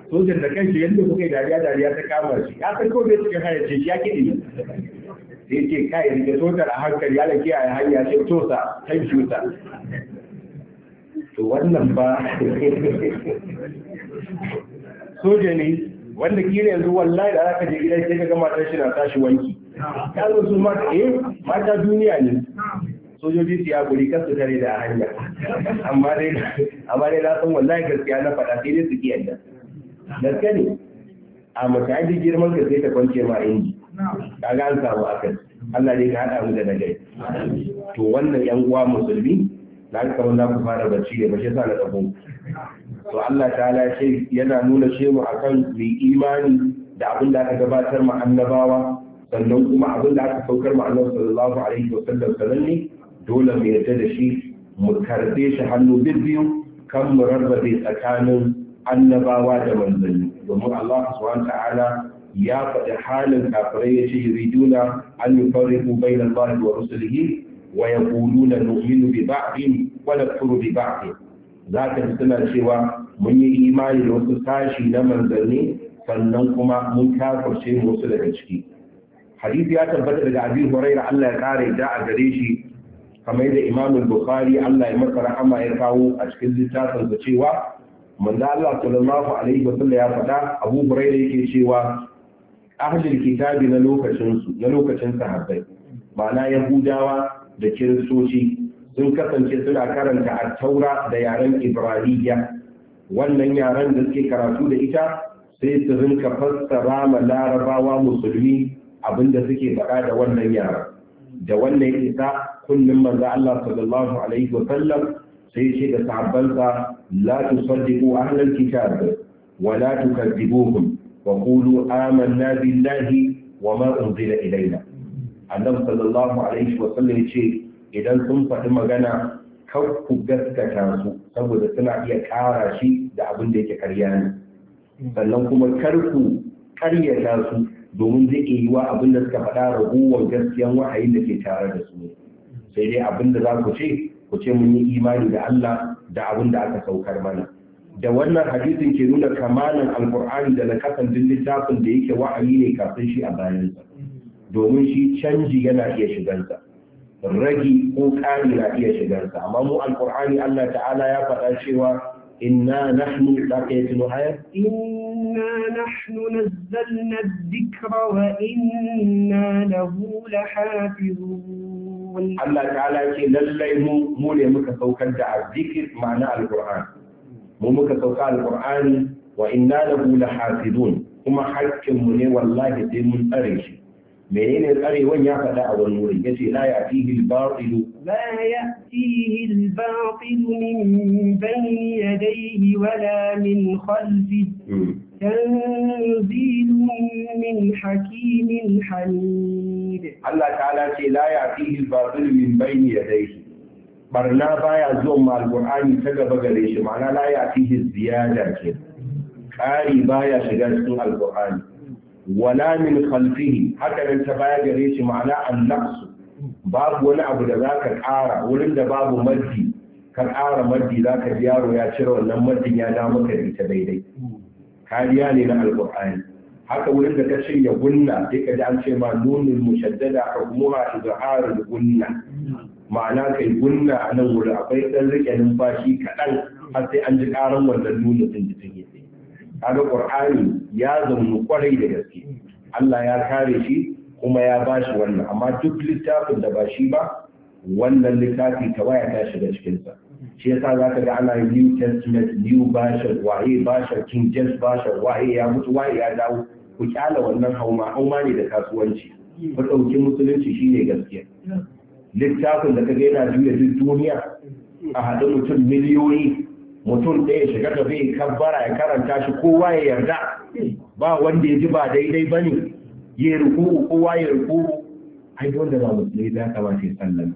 Speaker 2: sojan da kanshi yadda kuka yi dariya dariya ta kama shi ya san kawai cikin hanyar ce ya kiɗi sai ce kai rike sojan a hankali ya lake a hanya ce tosa thank you sir to wannan ba soja ne wanda kira yanzu wallahi da aka je gida sai ga matar shi na tashi wanki ta zo su mata eh mata duniya ne sojoji su ya guri kasu tare da hanya amma dai amma dai na san wallahi gaskiya na faɗa sai dai su ki yadda gaskiya ne a mutane girman ka sai ta kwance ma inji kaga an samu akan Allah dai ka haɗa mu da nagari to wannan yan uwa musulmi da aka kawo za ku fara bacci da bashe sa na ɗago to Allah ta'ala ce yana nuna ce mu akan mai imani da abin da aka gabatar mu annabawa sannan kuma abin da aka saukar mu annabi sallallahu alaihi wa sallam ne dole mu yarda da shi mu karbe shi hannu biyu kan mu rarrabe tsakanin annabawa da manzanni domin Allah subhanahu ta'ala ya faɗi halin kafirai ya ce yuriduna an yufarriqu bainal wa rusulihi wa yaquluna nu'minu bi ba'din wa nakfuru bi za ka ji suna cewa mun yi imani da wasu sashi na manzanni sannan kuma mun kafirce wasu daga ciki hadisi ya tabbatar daga abi hurairah Allah ya kare da a gare shi kamar yadda imam bukhari Allah ya masa rahama ya kawo a cikin littafin sa cewa manzo Allah sallallahu alaihi wa ya faɗa Abu Hurairah yake cewa ahlul kitabi na lokacin su na lokacin sahabbai ma'ana yahudawa da kiristoci sun kasance suna karanta a taura da yaren ibrahiyya wannan yaren da suke karatu da ita sai su rinka fassara ma larabawa musulmi abinda suke faɗa da wannan yaren da wannan isa kullum manzo Allah sallallahu alaihi wa sallam sai ce da sahabbansa la tusaddiqu ahlal kitab wa la tukadzibuhum wa qulu amanna billahi wa ma unzila ilayna annabi sallallahu alaihi wa sallam ce idan sun faɗi magana kar ku gaskata su saboda suna iya ƙara shi da abin da yake karya ne sannan kuma kar ku ƙaryata su domin zai iya wa abin da suka faɗa ragowar gaskiyan wahayin da ke tare da su sai dai abin da za ku ce ku ce mun yi imani da Allah da abin da aka saukar mana da wannan hadisin ke nuna kamalan alkur'ani da na kasandin littafin da yake wa'ayi ne kafin shi a bayansa domin shi canji yana iya shigansa ragi ko ƙari na iya shigansa amma mu alƙur'ani Allah ta'ala ya faɗa cewa inna nahnu laqaytinu
Speaker 1: hayat inna nahnu nazzalna adh-dhikra wa inna lahu lahafizun
Speaker 2: Allah ta'ala ce lallai mu mu ne muka saukar da azzikir ma'ana alƙur'an mu muka sauka alƙur'ani wa inna lahu lahafizun kuma hakkin mu ne wallahi sai mun tsare shi منين القري وين يأخذ هذا النور يأتي لا يأتيه الباطل
Speaker 1: لا يأتيه الباطل من بين يديه ولا من خلفه تنزيل من حكيم حميد
Speaker 2: الله تعالى لا يأتيه الباطل من بين يديه برنا بايا زوم مع القرآن تقبى قليش معنا لا يأتيه الزيادة كده قاري بايا شغال القرآن wala min khalfihi haka nan ta baya gare shi ma'ana annaqsu babu wani abu da zaka ƙara wurin da babu maddi ka ƙara maddi zaka ji yaro ya cire wannan maddin ya da maka da ita daidai kariya ne na alqur'ani haka wurin da ka shirya gunna sai da an ce ma nunul mushaddada hukmuha izharul gunna ma'ana kai gunna a nan wurin akwai dan rike numfashi kaɗan har sai an ji ƙaran wannan nunin din da take kaga qur'ani ya zama kwarai da gaske Allah ya kare shi kuma ya bashi wannan amma duk littafin da ba shi ba wannan littafi ta waya ta shiga cikin sa shi yasa zaka ga ana new testament new version waye version king james version waye ya mutu waye ya dawo ku kyala wannan hauma hauma ne da kasuwanci ku dauki musulunci shine gaskiya littafin da kaga yana juya duk duniya a haɗa mutum miliyoyi mutum ɗaya shiga tafi in kabbara ya karanta shi kowa ya yarda ba wanda ya ji ba daidai ba ne ya ruku kowa ya ruku ai wanda ba musulmi za ka ba sai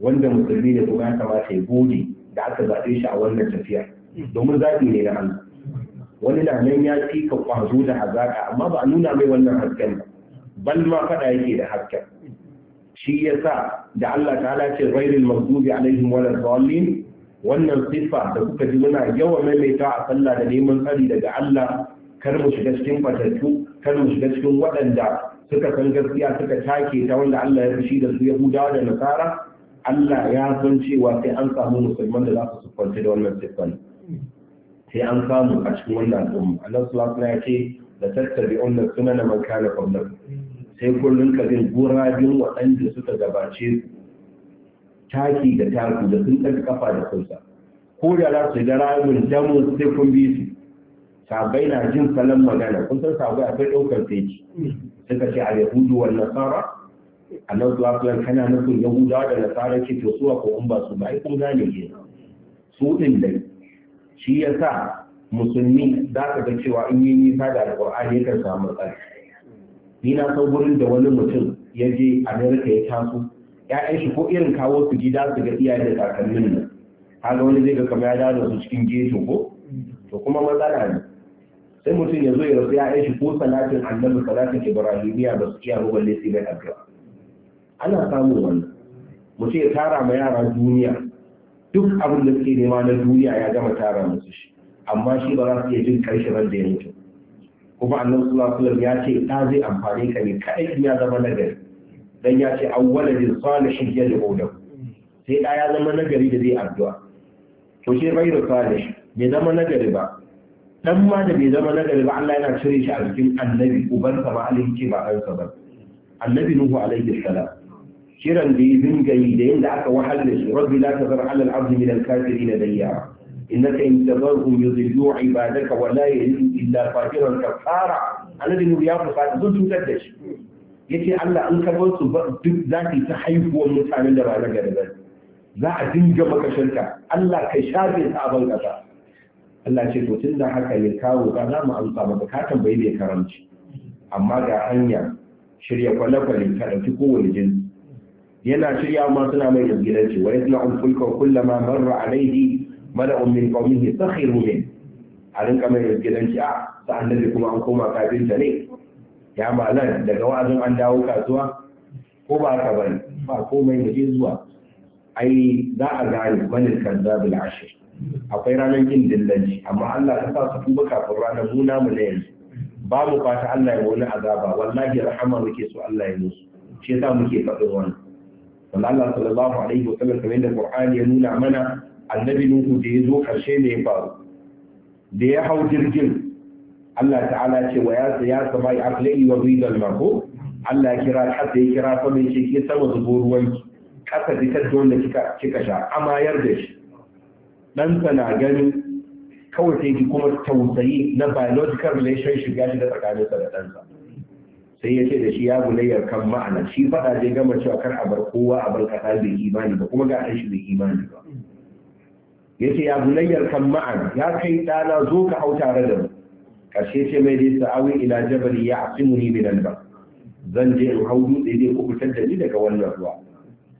Speaker 2: wanda musulmi da kuma ya kama ya gode da aka zaɓe shi a wannan tafiya domin zaɓi ne na Allah wani na nan ya ka kwazo da hazaka amma ba a nuna mai wannan hasken ba bal ma faɗa yake da hasken shi yasa da Allah ta'ala ce rairin maghdubi alaihim walad wannan siffa da kuka ji muna yawan maimaita a sallah da neman tsari daga Allah kar mu shiga cikin fatattu kar mu shiga cikin waɗanda suka san gaskiya suka take ta wanda Allah ya fushi da su Yahudawa da Nasara Allah ya san cewa sai an samu musulman da za su sufanta da wannan siffan sai an samu a cikin wannan al'umma Allah sallallahu alaihi ya ce da tattabi tattabi'un sunan man kana qablakum sai kullun ka bin gurabin waɗanda suka gabace su taki da taku da sun ɗan kafa da sausa ko da za su ga rayuwar damu sai kun bi su sabai na jin salon magana kun san sabai akwai ɗaukar teki suka ce a yahudu wa nasara a nan zuwa kana nufin yahudawa da nasara ce to suwa ko umba ba su ba ikon gane ke su ɗin dai shi ya sa musulmi za ka ga cewa in yi nisa da ya kan samu tsari ni na san gurin da wani mutum ya je amerika ya taso yayan shi ko irin kawo su ji za su ga iyaye da takalmin nan Haga wani zai ga kamar ya dada su cikin geto ko to kuma matsala ne sai mutum ya zo ya rasu ‘ya’yan shi ko salatin annabi salatin ibrahimiya ba su iya ruwan lesi mai addu'a ana samun wannan mutum ya tara ma yara duniya duk abin da suke nema na duniya ya gama tara musu shi amma shi ba za su iya jin karshe ran da ya mutu kuma annabi sallallahu alaihi wasallam ya ce ta zai amfani ka ne kai ya zama nagari dan ya ce awwaladin salihin ya da hudu sai ɗa ya zama nagari da zai addu'a to shi bai da salih bai zama nagari ba dan ma da bai zama nagari ba Allah yana cire shi a cikin annabi ubansa ba alaihi ce ba ɗansa ba annabi nuhu alaihi salam kiran da ya dinga yi da yadda aka wahalar shi rabbi la tazar ala al-abdi min al-kafirin dayya innaka in tazarhum yudillu ibadaka wa la yalidu illa fajiran kafara annabi nuhu ya fusata sun cutar da shi yace Allah an karɓar su duk za ka ta haihuwar mutane da ba na gari ba za a dinga makashinka Allah ka shafe ta abin kasa Allah ce to tun da haka ne kawo ka za mu amsa maka ka tambayi mai karamci amma ga hanya shirya kwale-kwale ka ɗauki kowane jinsi yana shirya ma suna mai izgilanci wa yasna an fulka kullama marra alaihi mala'un min qawmihi sakhiru min a rinka mai izgilanci a sa'an da kuma an koma kafinta ne ya malar daga wa'azin an dawo kasuwa ko ba ka bari ba komai da zuwa ai za a gane manil kazzabul ashir akwai ranar yin dillanci amma Allah ta sa su tuba kafin ranar muna mu na yanzu ba mu fata Allah ya wani azaba wallahi rahama muke so Allah ya musu shi yasa muke faɗin wannan wanda Allah sallallahu alaihi wa sallam kamar da Qur'ani ya nuna mana annabi Nuhu da ya zo karshe ne ya faru da ya hau jirgin Allah ta'ala ce wa ya ya sama ya aflai wa al mako Allah ya kira hatta ya kira sama mai ce sama zubo ruwan kasa fitar da wanda kika kika sha amayar da shi dan na gani kawai sai ki kuma tausayi na biological relationship ya shiga tsakanin sa da ɗansa sai ya ce da shi ya gulayar kan ma'ana shi faɗa zai gama cewa kar a bar kowa a bar kasa bai imani ba kuma ga ɗan shi bai imani ba ya ya gulayar kan ma'ana ya kai ɗana zo ka hau tare da mu karshe ce mai dai sa'awi ila jabali ya asimuni min alba zan je in hau dutse zai fitar da ni daga wannan ruwa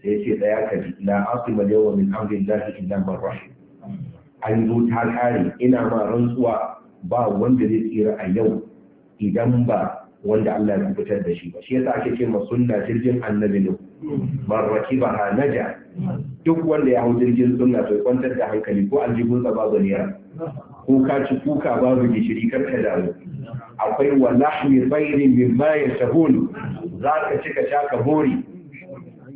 Speaker 2: sai ce tsaya ka ji na asima yawma min amrillahi illa man rahim an zo ta kare ina ma rantsuwa ba wanda zai tsira a yau idan ba wanda Allah ya kubutar da shi ba shi yasa ake ce ma sunna jirgin annabi ne man rakibaha naja duk wanda ya hau jirgin suna to kwantar da hankali ko aljibunsa babu niyar ko ka ci kuka babu gishiri kar ka damu akwai wa lahmi tsairin min ma yasahun za ka ci ka sha ka bori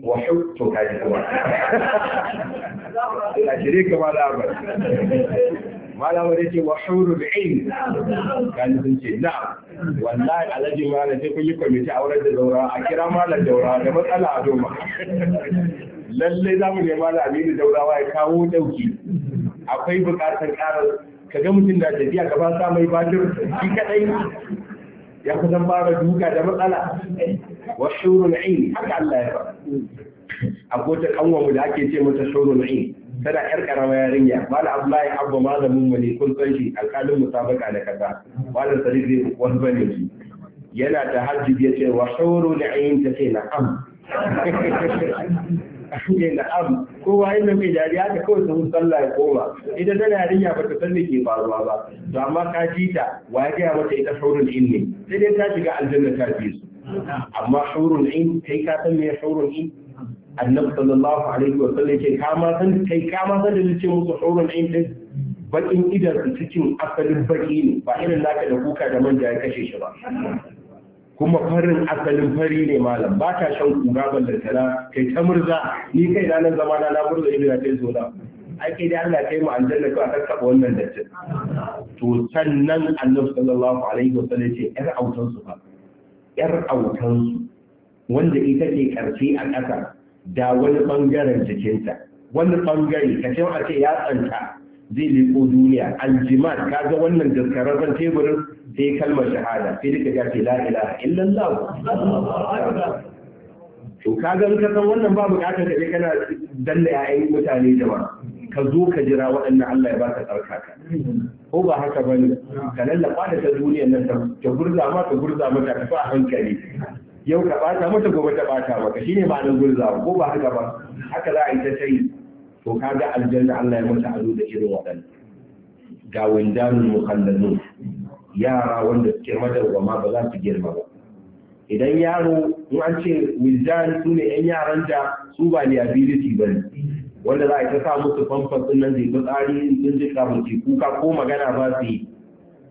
Speaker 2: wa hukku ka ji kuma
Speaker 1: ina shirye ka ma labar
Speaker 2: malama da ce wa shuru da ain kan sun ce na wallahi alhaji malam sai kun yi kwamiti a wurin da zaura a kira malam zaura da matsala a doma lalle za mu nema da aminu daurawa ya kawo dauki akwai bukatar karar ka ga mutum da tafiya ba sa mai batun, shi kadai ya kusan fara duka da matsala wa shurul ain haka Allah ya fara akwai wata kanwa mu da ake ce mata shurul ain tana yar karama yarinya malam Abdullahi Abba malamin mu ne kun san shi alƙalin musabaka da kaza malam Sadiq zai wani bane shi yana tahajjud ya ce wa shurul ain ta ce na'am ne na am kowa yana mai dariya ta kawai ta sallah ya koma ita tana yarinya ba ta san me ke faruwa ba to amma ka ji ta wa ya gaya mata ita haurun in ne sai dai ta shiga aljanna ta bi su amma haurun in kai ka san me haurun in annabi sallallahu alaihi wa sallam ce ka ma san kai ka ma san da ce musu haurun in din bakin idan cikin asalin baki ne ba irin naka da kuka da manja ya kashe shi ba kuma farin asalin fari ne malam ba ta shan kura ballantana kai ta murza ni kai na nan zama na murza ido na kai zola ai kai da Allah kai mu aljanna ka a kakkaba wannan dattin to sannan annabi sallallahu alaihi wasallam ce yar autan su fa yar autan su wanda ita ke karfi a ƙasa da wani bangaren jikinta wani bangare ka ce a ce ya tsanta zai liko duniya Aljima ka ga wannan daskararren teburin sai kalmar shahada sai duka ta ce la ilaha illallah to ka ga ka san wannan ba bukatar ka je kana danna yayin mutane jama'a ka zo ka jira waɗannan Allah ya ba ka tsarka ka. ko ba haka bane ka lallaba da ta duniyar nan ta gurza ma ta gurza mata ta fa hankali yau ka bata mata gobe ta bata maka shine ma'anar gurza ko ba haka ba haka za a yi ta sai to ka ga aljanna Allah ya mata ado da irin waɗannan ga windanul mukhalladun yara wanda suke ma ba za su girma ba idan yaro in an ce su ne yan yaran da su ba liability ba ne wanda za a ta sa musu famfas sun nan zai tsari sun ji kamun kuka ko magana ba su yi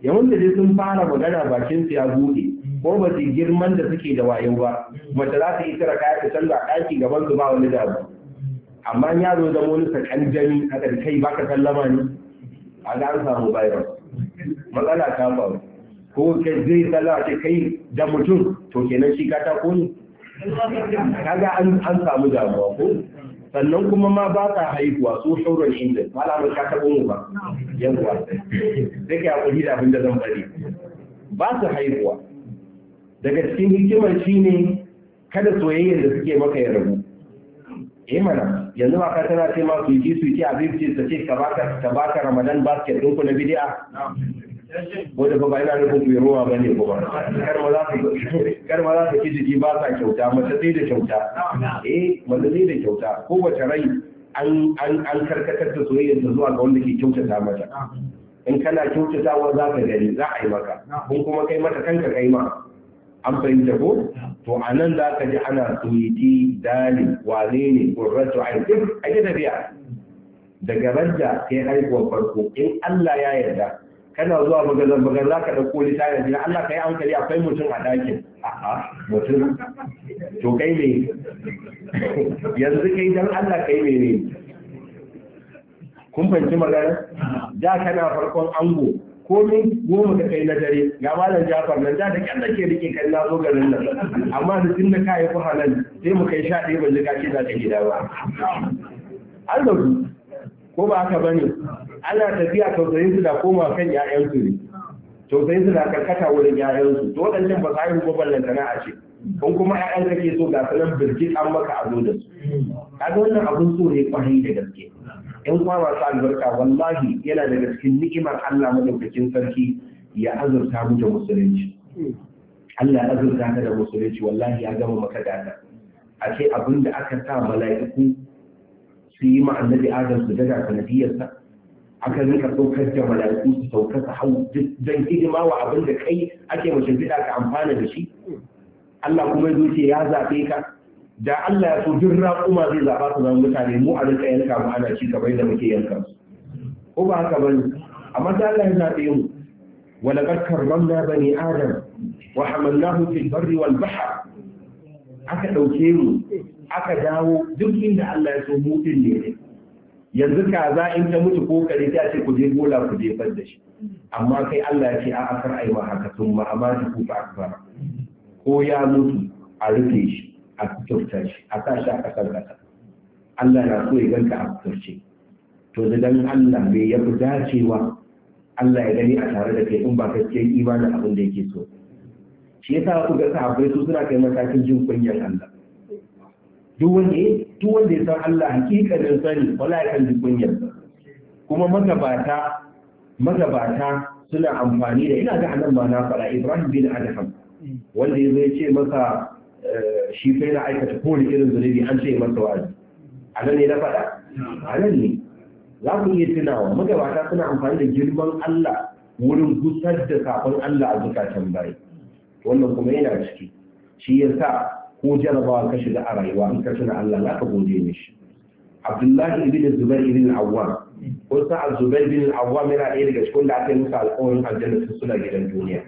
Speaker 2: yawan da sun fara magana bakin su ya buɗe ko ba su girman da suke da wayo ba mace za su yi tara kaya ta canza ɗaki gaban su ba wani damu amma yaro zama wani sakan jami a kai ka sallama ne a ga an samu virus matsala ta faru ko kai zai tsalla ce kai da mutum to kenan shi katako ne kaga an samu damuwa ko sannan kuma ma ba ta haihuwa so shauran inda malamin ka taɓa mu ba yanzu sai ka yaƙuri da abin da zan bari ba su haihuwa daga cikin hikimar shi ne kada soyayyar da suke maka ya rabu eh mana yanzu ma ka tana ce ma su yi su yi abin ce ta ce ka baka ramadan basket ɗinku na bidi'a
Speaker 1: ko da ba ina nufin mai ruwa ba ne kuma
Speaker 2: kar ma za ka ki jiki ba sa kyauta mace sai da kyauta eh mace sai da kyauta Ko wace rai an karkatar da soyayyar ta zuwa ga wanda ke kyautata mata in kana kyautatawa za ka gani za a yi maka kun kuma kai mata kanka kai ma an fahimta ko to a nan za ka ji ana soyiti dali wane ne ƙurratu a a yi tafiya daga rajja sai haihuwar farko in Allah ya yarda kana zuwa magazan magazan za ka ɗauko littafin jina Allah ka yi hankali akwai mutum a ɗakin a'a mutum to kai ne yanzu kai don Allah kai ne ne kun fahimci magana da kana farkon ango komin goma ka kai na dare ga malam jafar nan da ta kyan da ke rike kan na zo garin nan amma da tun da kayi kuha nan sai mu kai sha ɗaya ban ji ka ce za ta gida ba an ko ba haka bane ana tafiya tausayin su da koma kan 'ya'yansu ne tausayin su na karkata wurin 'ya'yansu. to waɗancan ba sai ko ballanta na a ce kun kuma ƴaƴan kake so ga sanan birgit an maka a zo da su kaga wannan abun so ne kwarai da gaske ƴan kuma masu albarka wallahi yana da cikin ni'imar Allah madaukakin sarki ya azurta mu da musulunci Allah azurta ka da musulunci wallahi ya gama maka gada a ce abin da aka sa mala'iku su yi ma'annabi adam su daga sanadiyarsa aka rika saukar da mala'iku su saukar su hau don hidima wa abin da kai ake mashimfiɗa ka amfana da shi Allah kuma ya ce ya zaɓe ka da Allah ya so duk raƙuma zai zaɓa su zama mutane mu a rinka yanka mu ana ci kamar da muke yanka ko ba haka bane amma da Allah ya zaɓe mu ولقد كرمنا بني آدم وحملناه في البر والبحر aka ɗauke mu aka dawo duk inda Allah ya so mutum ne ne? yanzu kaza in ta mutu ko kare ta ce ku je gola ku je da shi amma kai Allah ya ce a akar aiwa haka sun ma'amata ku fa akbar ko ya mutu a rufe shi a kuturta shi a sa shi a kasar kasa Allah na so ya ganka a kuturce to da dan Allah me ya fi dacewa Allah ya gani a tare da kai in ba gaskiyar imanin abin da yake so shi yasa ku ga sahabbai su suna kai matakin jin kunyan Allah duk wanda duk wanda ya san Allah ya sani wala ya kan kunyar kuma magabata magabata suna amfani da ina ga annan na fara Ibrahim bin Adham wanda yazo ya ce masa eh, shi fa yana aikata kowane irin zunubi an ce masa wa'azi anan ne na faɗa anan ne za ku iya tunawa magabata suna amfani da girman Allah wurin gusar da kafin Allah a zukatan bayi wannan kuma yana ciki shi yasa ko jarabawa ka shiga a rayuwa in ka tuna Allah za ka gode mishi Abdullahi ibn Zubair ibn Awwam ko sa Zubair ibn Awwam yana ɗaya daga cikin da aka yi alƙawarin aljanna sun suna gidan duniya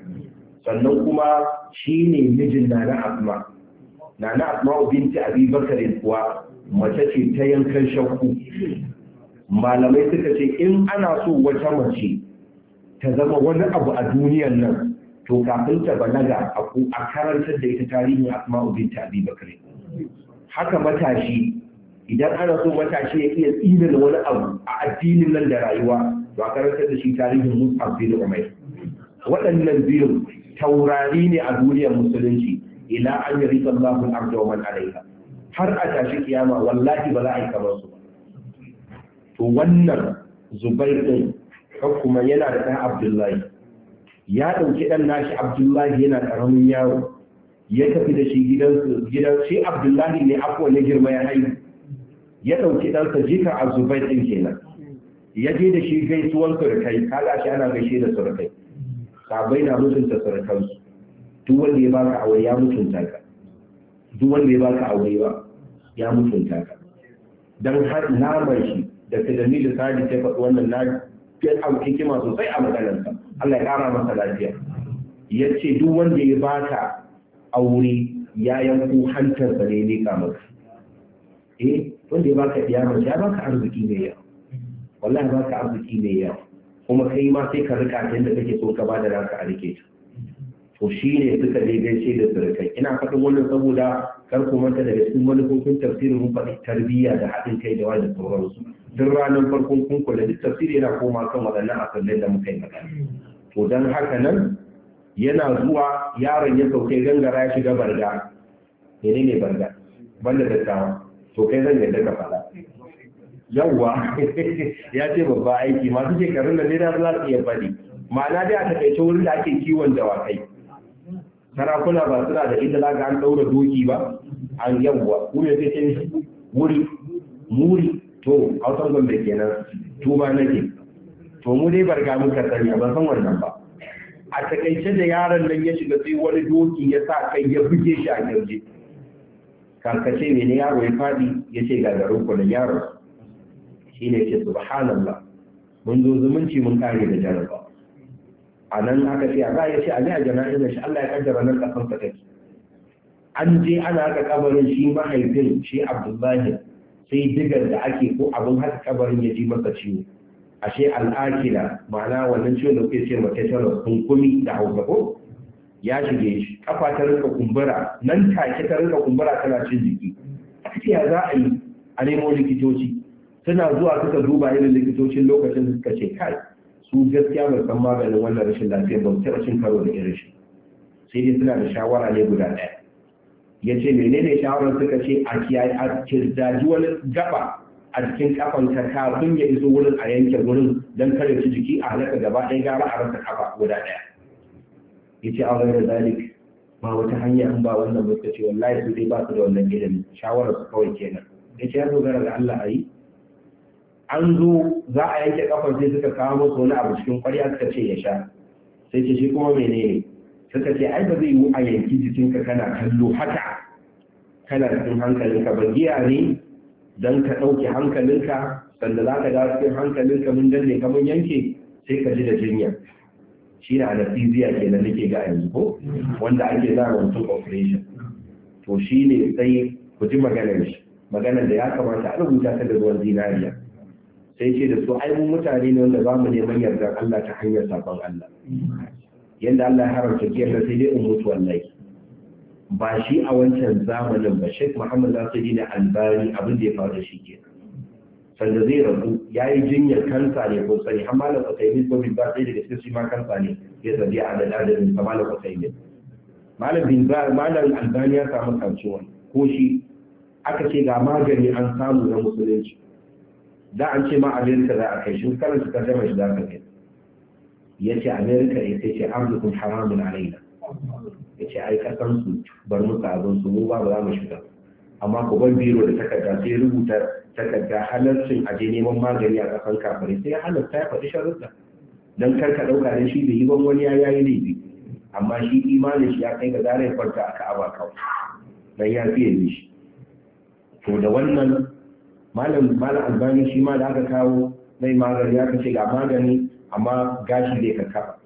Speaker 2: sannan kuma shine mijin nana na Asma na Asma binti Abi Bakar kuwa mace ce ta yankan shakku malamai suka ce in ana so wata mace ta zama wani abu a duniyar nan to kafin ta balaga a ku a karantar da ita tarihin asma'u binta abi bakare haka matashi idan ana so matashi ya iya tsinin wani abu a addinin nan da rayuwa to a karantar da shi tarihin mus'ab bin umair waɗannan biyun taurari ne a duniyar musulunci ila an yi rikon lafin arzawa har a tashi kiyama wallahi ba za a yi kamar su to wannan zubair din kuma yana da ɗan abdullahi ya ɗauki ɗan nashi abdullahi yana ƙaramin yaro ya tafi da shi gidansu gidan shi abdullahi ne afuwa na girma ya haihu ya ɗauki ɗansa jika a zubai ɗin kenan ya je da shi gaisuwan surukai kaga shi ana gaishe da surukai sabai na mutunta surukansu duk wanda ya baka aure ya mutunta ka duk wanda ya baka aure ba ya mutunta ka dan har namar shi da kadami da sadi ta faɗi wannan ya samu hikima sosai a maganarsa Allah ya kara masa lafiya ya ce duk wanda ya bata aure ya yanku hantarsa ne ne kamar eh wanda ya baka iyamar ya baka arziki mai yawa wallahi baka arziki mai yawa kuma kai ma sai ka rika ta yadda kake so ka ba da ranka a rike ta to shi ne suka daidaice da surukai ina faɗin wannan saboda kar ku manta daga cikin manufofin tafsirin mun faɗi tarbiyya da haɗin kai da wani sauransu duk ranar farkon kun kula duk tafsiri yana koma kan waɗannan asallin da muka yi magana to dan haka nan yana zuwa yaron ya sauke gangara ya shiga barga ne ne barga banda dattawa to kai zan yadda ka fara yawwa ya ce babba aiki masu shekarun da nera za su iya faɗi ma'ana dai a takaice wurin da ake kiwon dawakai sarakuna ba suna da inda za ka an ɗaura doki ba an yawwa kuma ya ce wuri muri to hausar bai kenan tuba nake to mu dai barga muka sani ban san wannan ba a takaice da yaron nan ya shiga sai wani doki ya sa kai ya buge shi a kirje karkace ne yaro ya fadi ya ce ga garin nan yaron shi ne ce subhanallah mun zo zumunci mun kare da jaraba a nan aka ce a za ya ce a ne a jana'izar shi Allah ya kaddara nan kasan sa kai an je ana ga kabarin shi mahaifin shi Abdullahi sai digar da ake ko abin haka kabarin ya ji masa ciwo ashe al'akila ma'ana wannan ciwon da kuke ce ma tetanus kunkumi da hausa ko ya shige shi kafa ta rinka kumbura nan take ta rinka kumbura tana cin jiki aka ya za a yi a nemo likitoci suna zuwa suka duba irin likitocin lokacin da suka ce kai su gaskiya ba san maganin wannan rashin lafiyar ba su taɓa cin karo da irin shi sai dai suna da shawara ne guda ɗaya ya ce menene shawarar suka ce a kiyaye kirdaji wani gaba a cikin kafanka kafin ya iso wurin a yanke wurin don kare su jiki a halaka gaba ɗaya gara a rasa kafa guda ɗaya ya ce a da zalik ma wata hanya in ba wannan ba ce wallahi su dai ba su da wannan gidan shawarar su kawai kenan ya ce ya dogara da Allah a yi an zo za a yanke kafan sai suka kawo masa wani abu cikin kwarya suka ce ya sha sai ce shi kuma menene suka ce ai ba zai yi a yanki jikinka kana kallo haka kana cikin hankalinka ba giya ne don ka ɗauke hankalinka sanda za ka dawo cikin hankalinka mun danne ka mun yanke sai ka ji da jinya shi na anesthesia ke nan, nake ga yanzu ko wanda ake za a mutum operation to shi ne sai ku ji maganar shi maganar da ya kamata a rubuta ta da ruwan zinariya sai ce da su ai mutane ne wanda za mu neman yarda Allah ta hanyar sabon Allah yadda Allah ya haramta giyar da sai dai in mutu wallahi ba shi a wancan zamanin ba Sheikh Muhammad Nasiri ne Albani abin da ya faru shi ke sanda zai rabu ya yi jinyar kansa ne ko tsari har malam Usaimin ko bin sai daga cikin shi ma kansa ne ya tabi a da adadin malam Usaimin malam bin ba malam Albani ya samu kancewa ko shi aka ce ga magani an samu na musulunci da an ce ma Amerika za a kai shi karanta jama'a shi za ka kai ya ce amerika ya ce arzikin haramun alaina ya ce ai kasansu bar abin su mu ba za mu shiga amma ku ban biro da takarda sai rubuta takarda halarcin aje neman magani a kasan kafare sai ya halarta ya faɗi sharuɗa don kar ka ɗauka da shi da yi ban wani ya yayi laifi amma shi imanin shi ya kai ga zarar farka a ka'aba kawai dan ya fiye ni shi to da wannan malam malam albani shi ma da aka kawo mai magani ya kace ga magani amma gashi zai karkaba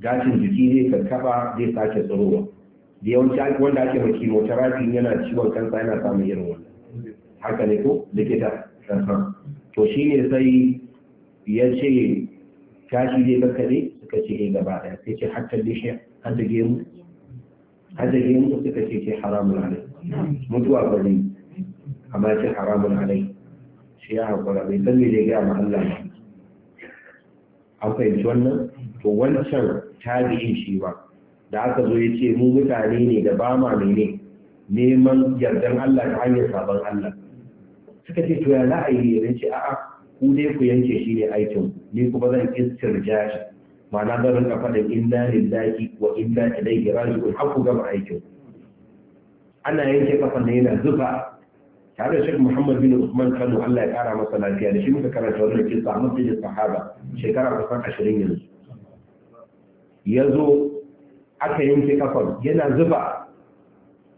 Speaker 2: gashin jiki zai karkaba zai sake tsirowa da yawanci wanda ake ma chemotherapy yana ciwon kansa yana samun irin wannan haka ne ko likita to shine sai ya ce gashi zai karkade suka ce eh gaba ɗaya sai ce hatta lishiya hatta gemu hatta gemu suka ce ce haramun alai mutuwa ba ne amma ce haramun alai shi ya haƙura bai san me zai gaya ma Allah ba an fahimci wannan to wancan yi shi ba da aka zo ya ce mu mutane ne da ba ma mene neman yardan Allah ta hanyar sabon Allah suka ce to ya za a yi ne ce a'a ku dai ku yanke shi ne aikin ni kuma zan istirja jashi. ma'ana zan rinka faɗin inna lillahi wa inna ilaihi raji'un har ku gama aikin ana yanke kafa ne yana zufa tare da Sheikh Muhammad bin Usman Kano Allah ya kara masa lafiya da shi muka karanta wannan kisa a masjidin sahaba shekara kusan 20 yanzu yazo aka yanke kafar yana zuba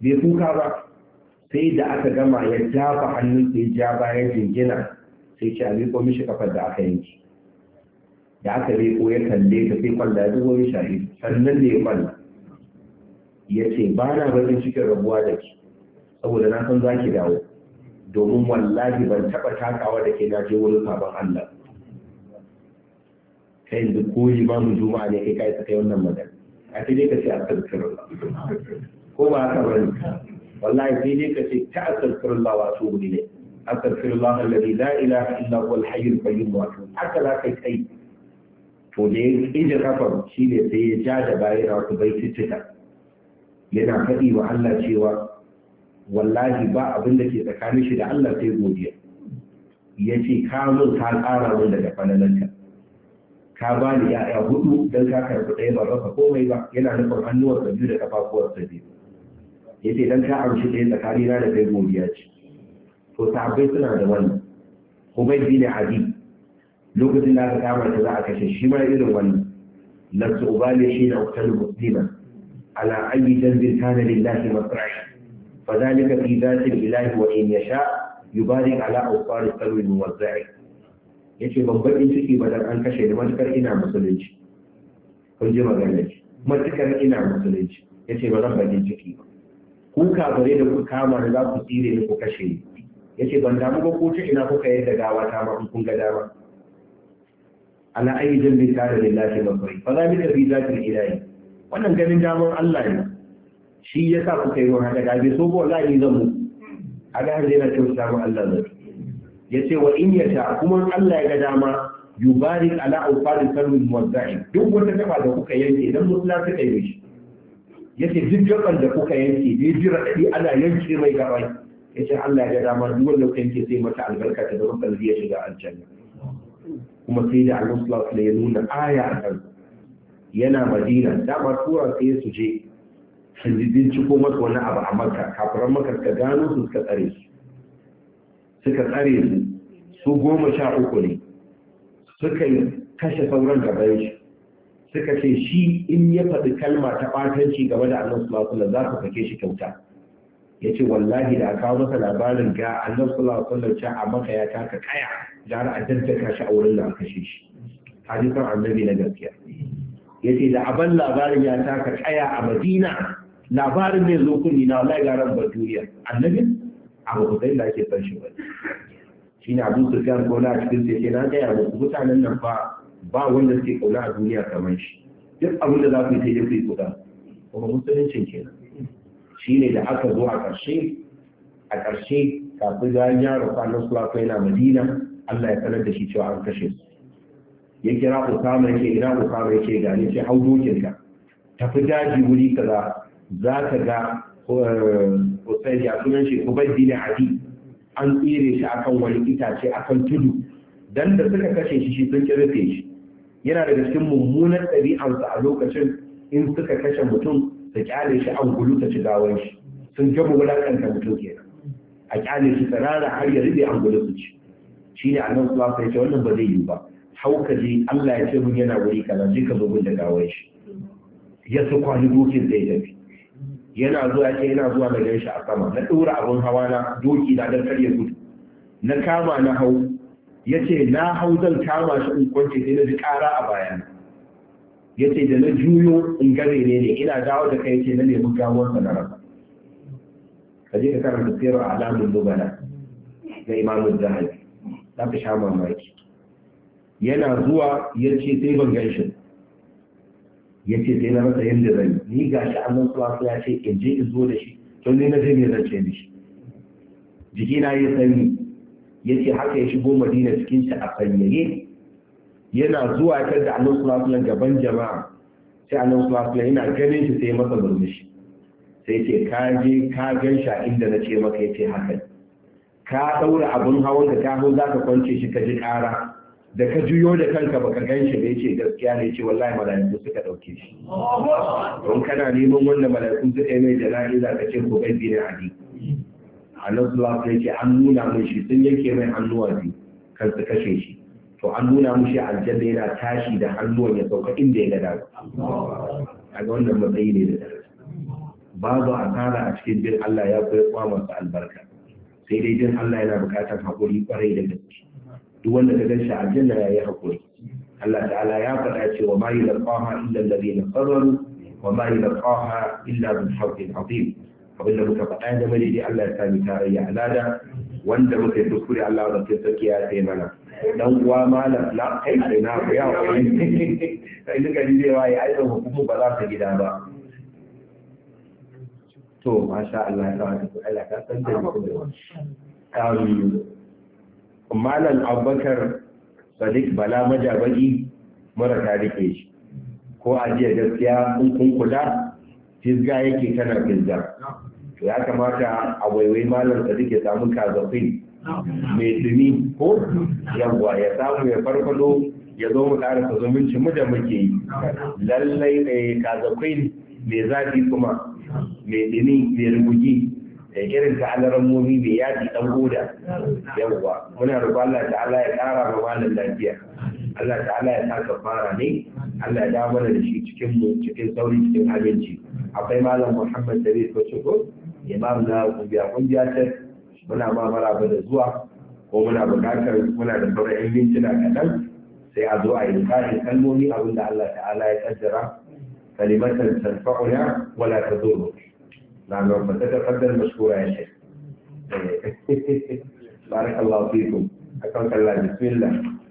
Speaker 2: bai kuka ba sai da aka gama ya dafa hannun sai ja bayan jingina sai ce a riko mishi kafar da aka yanke da aka riko ya kalle ka sai kwalla ya zuwa mishi shahid sannan ne ya kwalla ya ce ba na cikin rabuwa da ki saboda na san za ki dawo domin wallahi ban taɓa takawa da ke na je wurin sabon Allah kai yanzu ko limamin juma'a ne kai kai ta wannan magana a sai dai ka ce astagfirullah ko ba haka bane wallahi sai dai ka ce ta Allah wa tubu ne Allah alladhi la ilaha illa huwa al-hayyul qayyum wa haka za kai kai to da ya ije kafar shi ne sai ya ja da bayan bai baitittuka yana faɗi wa Allah cewa wallahi ba abin da ke tsakanin shi da Allah sai godiya ya ce ka mun ka tsara mun daga falalanka ka ba ni ya'ya hudu don ka karɓi ɗaya ba rasa komai ba yana nufin hannuwar sa biyu da kafafuwar sa biyu ya ce don ka amshi ɗaya tsakani na da kai godiya ce to sabbai suna da wannan ubai bin adi lokacin da aka kama ta za a kashe shi ma irin wannan lasu ubali shi na uktalu muslima ala ayyi janbin kana lillahi masra'i فذلك في ذات الإله وإن يشاء يبارك على أوصال السلو الموزع yace babban in ciki ba dan an kashe ni matukar ina musulunci kun ji magana ce ina musulunci yace ba zan bakin ciki ba ku kafare da ku kama da za ku tsire ni ku kashe ni yace ban damu ba ko ta ina kuka yadda gawa ta ma kun ga dama ala ayi dhanbi kana wannan ganin damar Allah ne shi ya sa kuka yi haka da bai so ko wallahi zan mu a ga har yana kyauta ma Allah zai ya ce wa in yata kuma Allah ya ga dama yubarik ala awfal kalmin muwadda'i duk wata kafa da kuka yanke idan musulma suka yi shi ce duk gaban da kuka yanke dai jira raɗaɗi ana yanke mai gaba ce Allah ya ga dama duk wanda kuka yanke sai mata albarka ta zama kan shiga aljanna kuma sai da Allah subhanahu ya nuna aya a kan yana Madina dama tura sai su je su binciko masu wani abu a maka kafiran maka ka gano su suka tsare su suka tsare su su goma sha uku ne suka kashe sauran bayan shi suka ce shi in ya faɗi kalma ta ɓatanci game da annan sallallahu za su fake shi kyauta ya ce wallahi da aka masa labarin ga annan sallallahu alaihi a maka ya taka kaya gara a daddaka shi a wurin da aka shi shi hadisan annabi na gaskiya ya ce da abin labarin ya taka kaya a madina labarin mai zo kunni na wallahi ga ran duniya Annabi abu hudai da ake san shi ba shi ne abu sufyan ko na cikin sai ke na gaya ku mutanen nan fa ba wanda suke kauna a duniya kamar shi duk abin da za ku yi sai dai ku yi kuma musuluncin kenan shi ne da aka zo a ƙarshe a ƙarshe kafin ga ya rufa su sulafa yana madina allah ya sanar da shi cewa an kashe su ya kira kama yake ina kama yake gani ce hau Ta tafi daji wuri kaza za ka ga eh, Hussein ya sunan shi bai da Adi an tsere shi akan wani itace akan tudu dan da suka kashe shi shi sun rufe shi yana daga cikin mummunan ɗabi'arsa a lokacin in suka kashe mutum da kyale shi an gulu ta ci gawar shi sun gaba wulakanta mutum kenan a kyale shi tsirara har ya rube an gulu su ci shi ne annan suwa sai ce wannan ba zai yi ba ka je Allah ya ce mun yana wuri kaza je ka zo da gawar shi ya su kwani dokin zai tafi yana zuwa ce yana zuwa na ganshi a sama na ɗora abin hawa na doki na don karya gudu na kama na hau ya ce na hau zan kama shi in kwance sai na ji ƙara a baya ya ce da na juyo in gare ne ne ina dawo da kai ce na nemi sa na rasa ka je ka karanta sayarwa alamun lubana na imamun zahabi za ka sha mamaki yana zuwa ya ce sai ban gan shi ya ce sai na rasa yanda zan ni ga shi annan suwasu ya ce in je in zo da shi to ni na je zance zan ce da shi jikina ya sanyi ya ce haka ya shigo madina cikin ta a sanyaye yana zuwa ya da annan suwasu gaban jama'a sai annan suwasu yana ganin shi sai masa murmushi sai ce ka je ka gan shi inda na ce maka ya ce haka ka ɗaura abun hawan da ka hau za ka kwance shi ka ji kara. da ka juyo da kanka baka gan shi da yake gaskiya ne ce wallahi malaiku suka dauke shi don kana neman wanda malaiku suka yi mai da za ka ce ko bi ne hadi annabi sallallahu alaihi an nuna mun shi sun yanke mai hannuwa bi kan su kashe shi to an nuna mun shi aljanna yana tashi da hannuwan ya sauka inda ya ga A ga wannan matsayi ne da babu asara a cikin jin Allah ya koyi kwamar albarka sai dai jin Allah yana bukatar haƙuri kwarai da gaske duk wanda ka gan shi a aljanna ya yi haƙuri Allah ta'ala ya faɗa cewa ma yi laƙaha illa alladhina sabaru wa ma yi laƙaha illa min haqqin azim abin da muka faɗa da mai dai Allah ya sa mu tarayya alada wanda muka yi kuskure Allah ya rantsa sarki ya sai mana dan uwa malam na kai sai na ku ya ku sai duka ni zai waye ai hukumu ba za ta gida ba to masha Allah ta Allah ka san da ku malam abubakar sadiq bala majabagi mara ta rike shi ko a jiya gaskiya in kun kula fizga yake tana fizga ya kamata a waiwai malam sadiq ya samu kazafin mai dumi ko yawwa ya samu ya farfado ya zo mu ƙara zumunci mu da muke yi lallai eh, kazafin mai zafi kuma mai dumi mai rubuji da irin ta alaran bai yaji dan goda yawwa muna roƙon Allah ta'ala ya ƙara ma malam lafiya Allah ta'ala ya saka fara ne Allah ya dawo da shi cikin mu cikin sauri cikin abinci akwai malam Muhammad Sari Kochiko imam na kungiya kungiya ta muna ma maraba da zuwa ko muna buƙatar muna da sauran yan mintuna kaɗan sai a zo a yi tsarin kalmomi abinda Allah ta'ala ya kaddara kalimatan tarfa'una wala tadurru نعم لو فتتقدم مشكورا يا شيخ بارك الله فيكم أكرمك الله بسم الله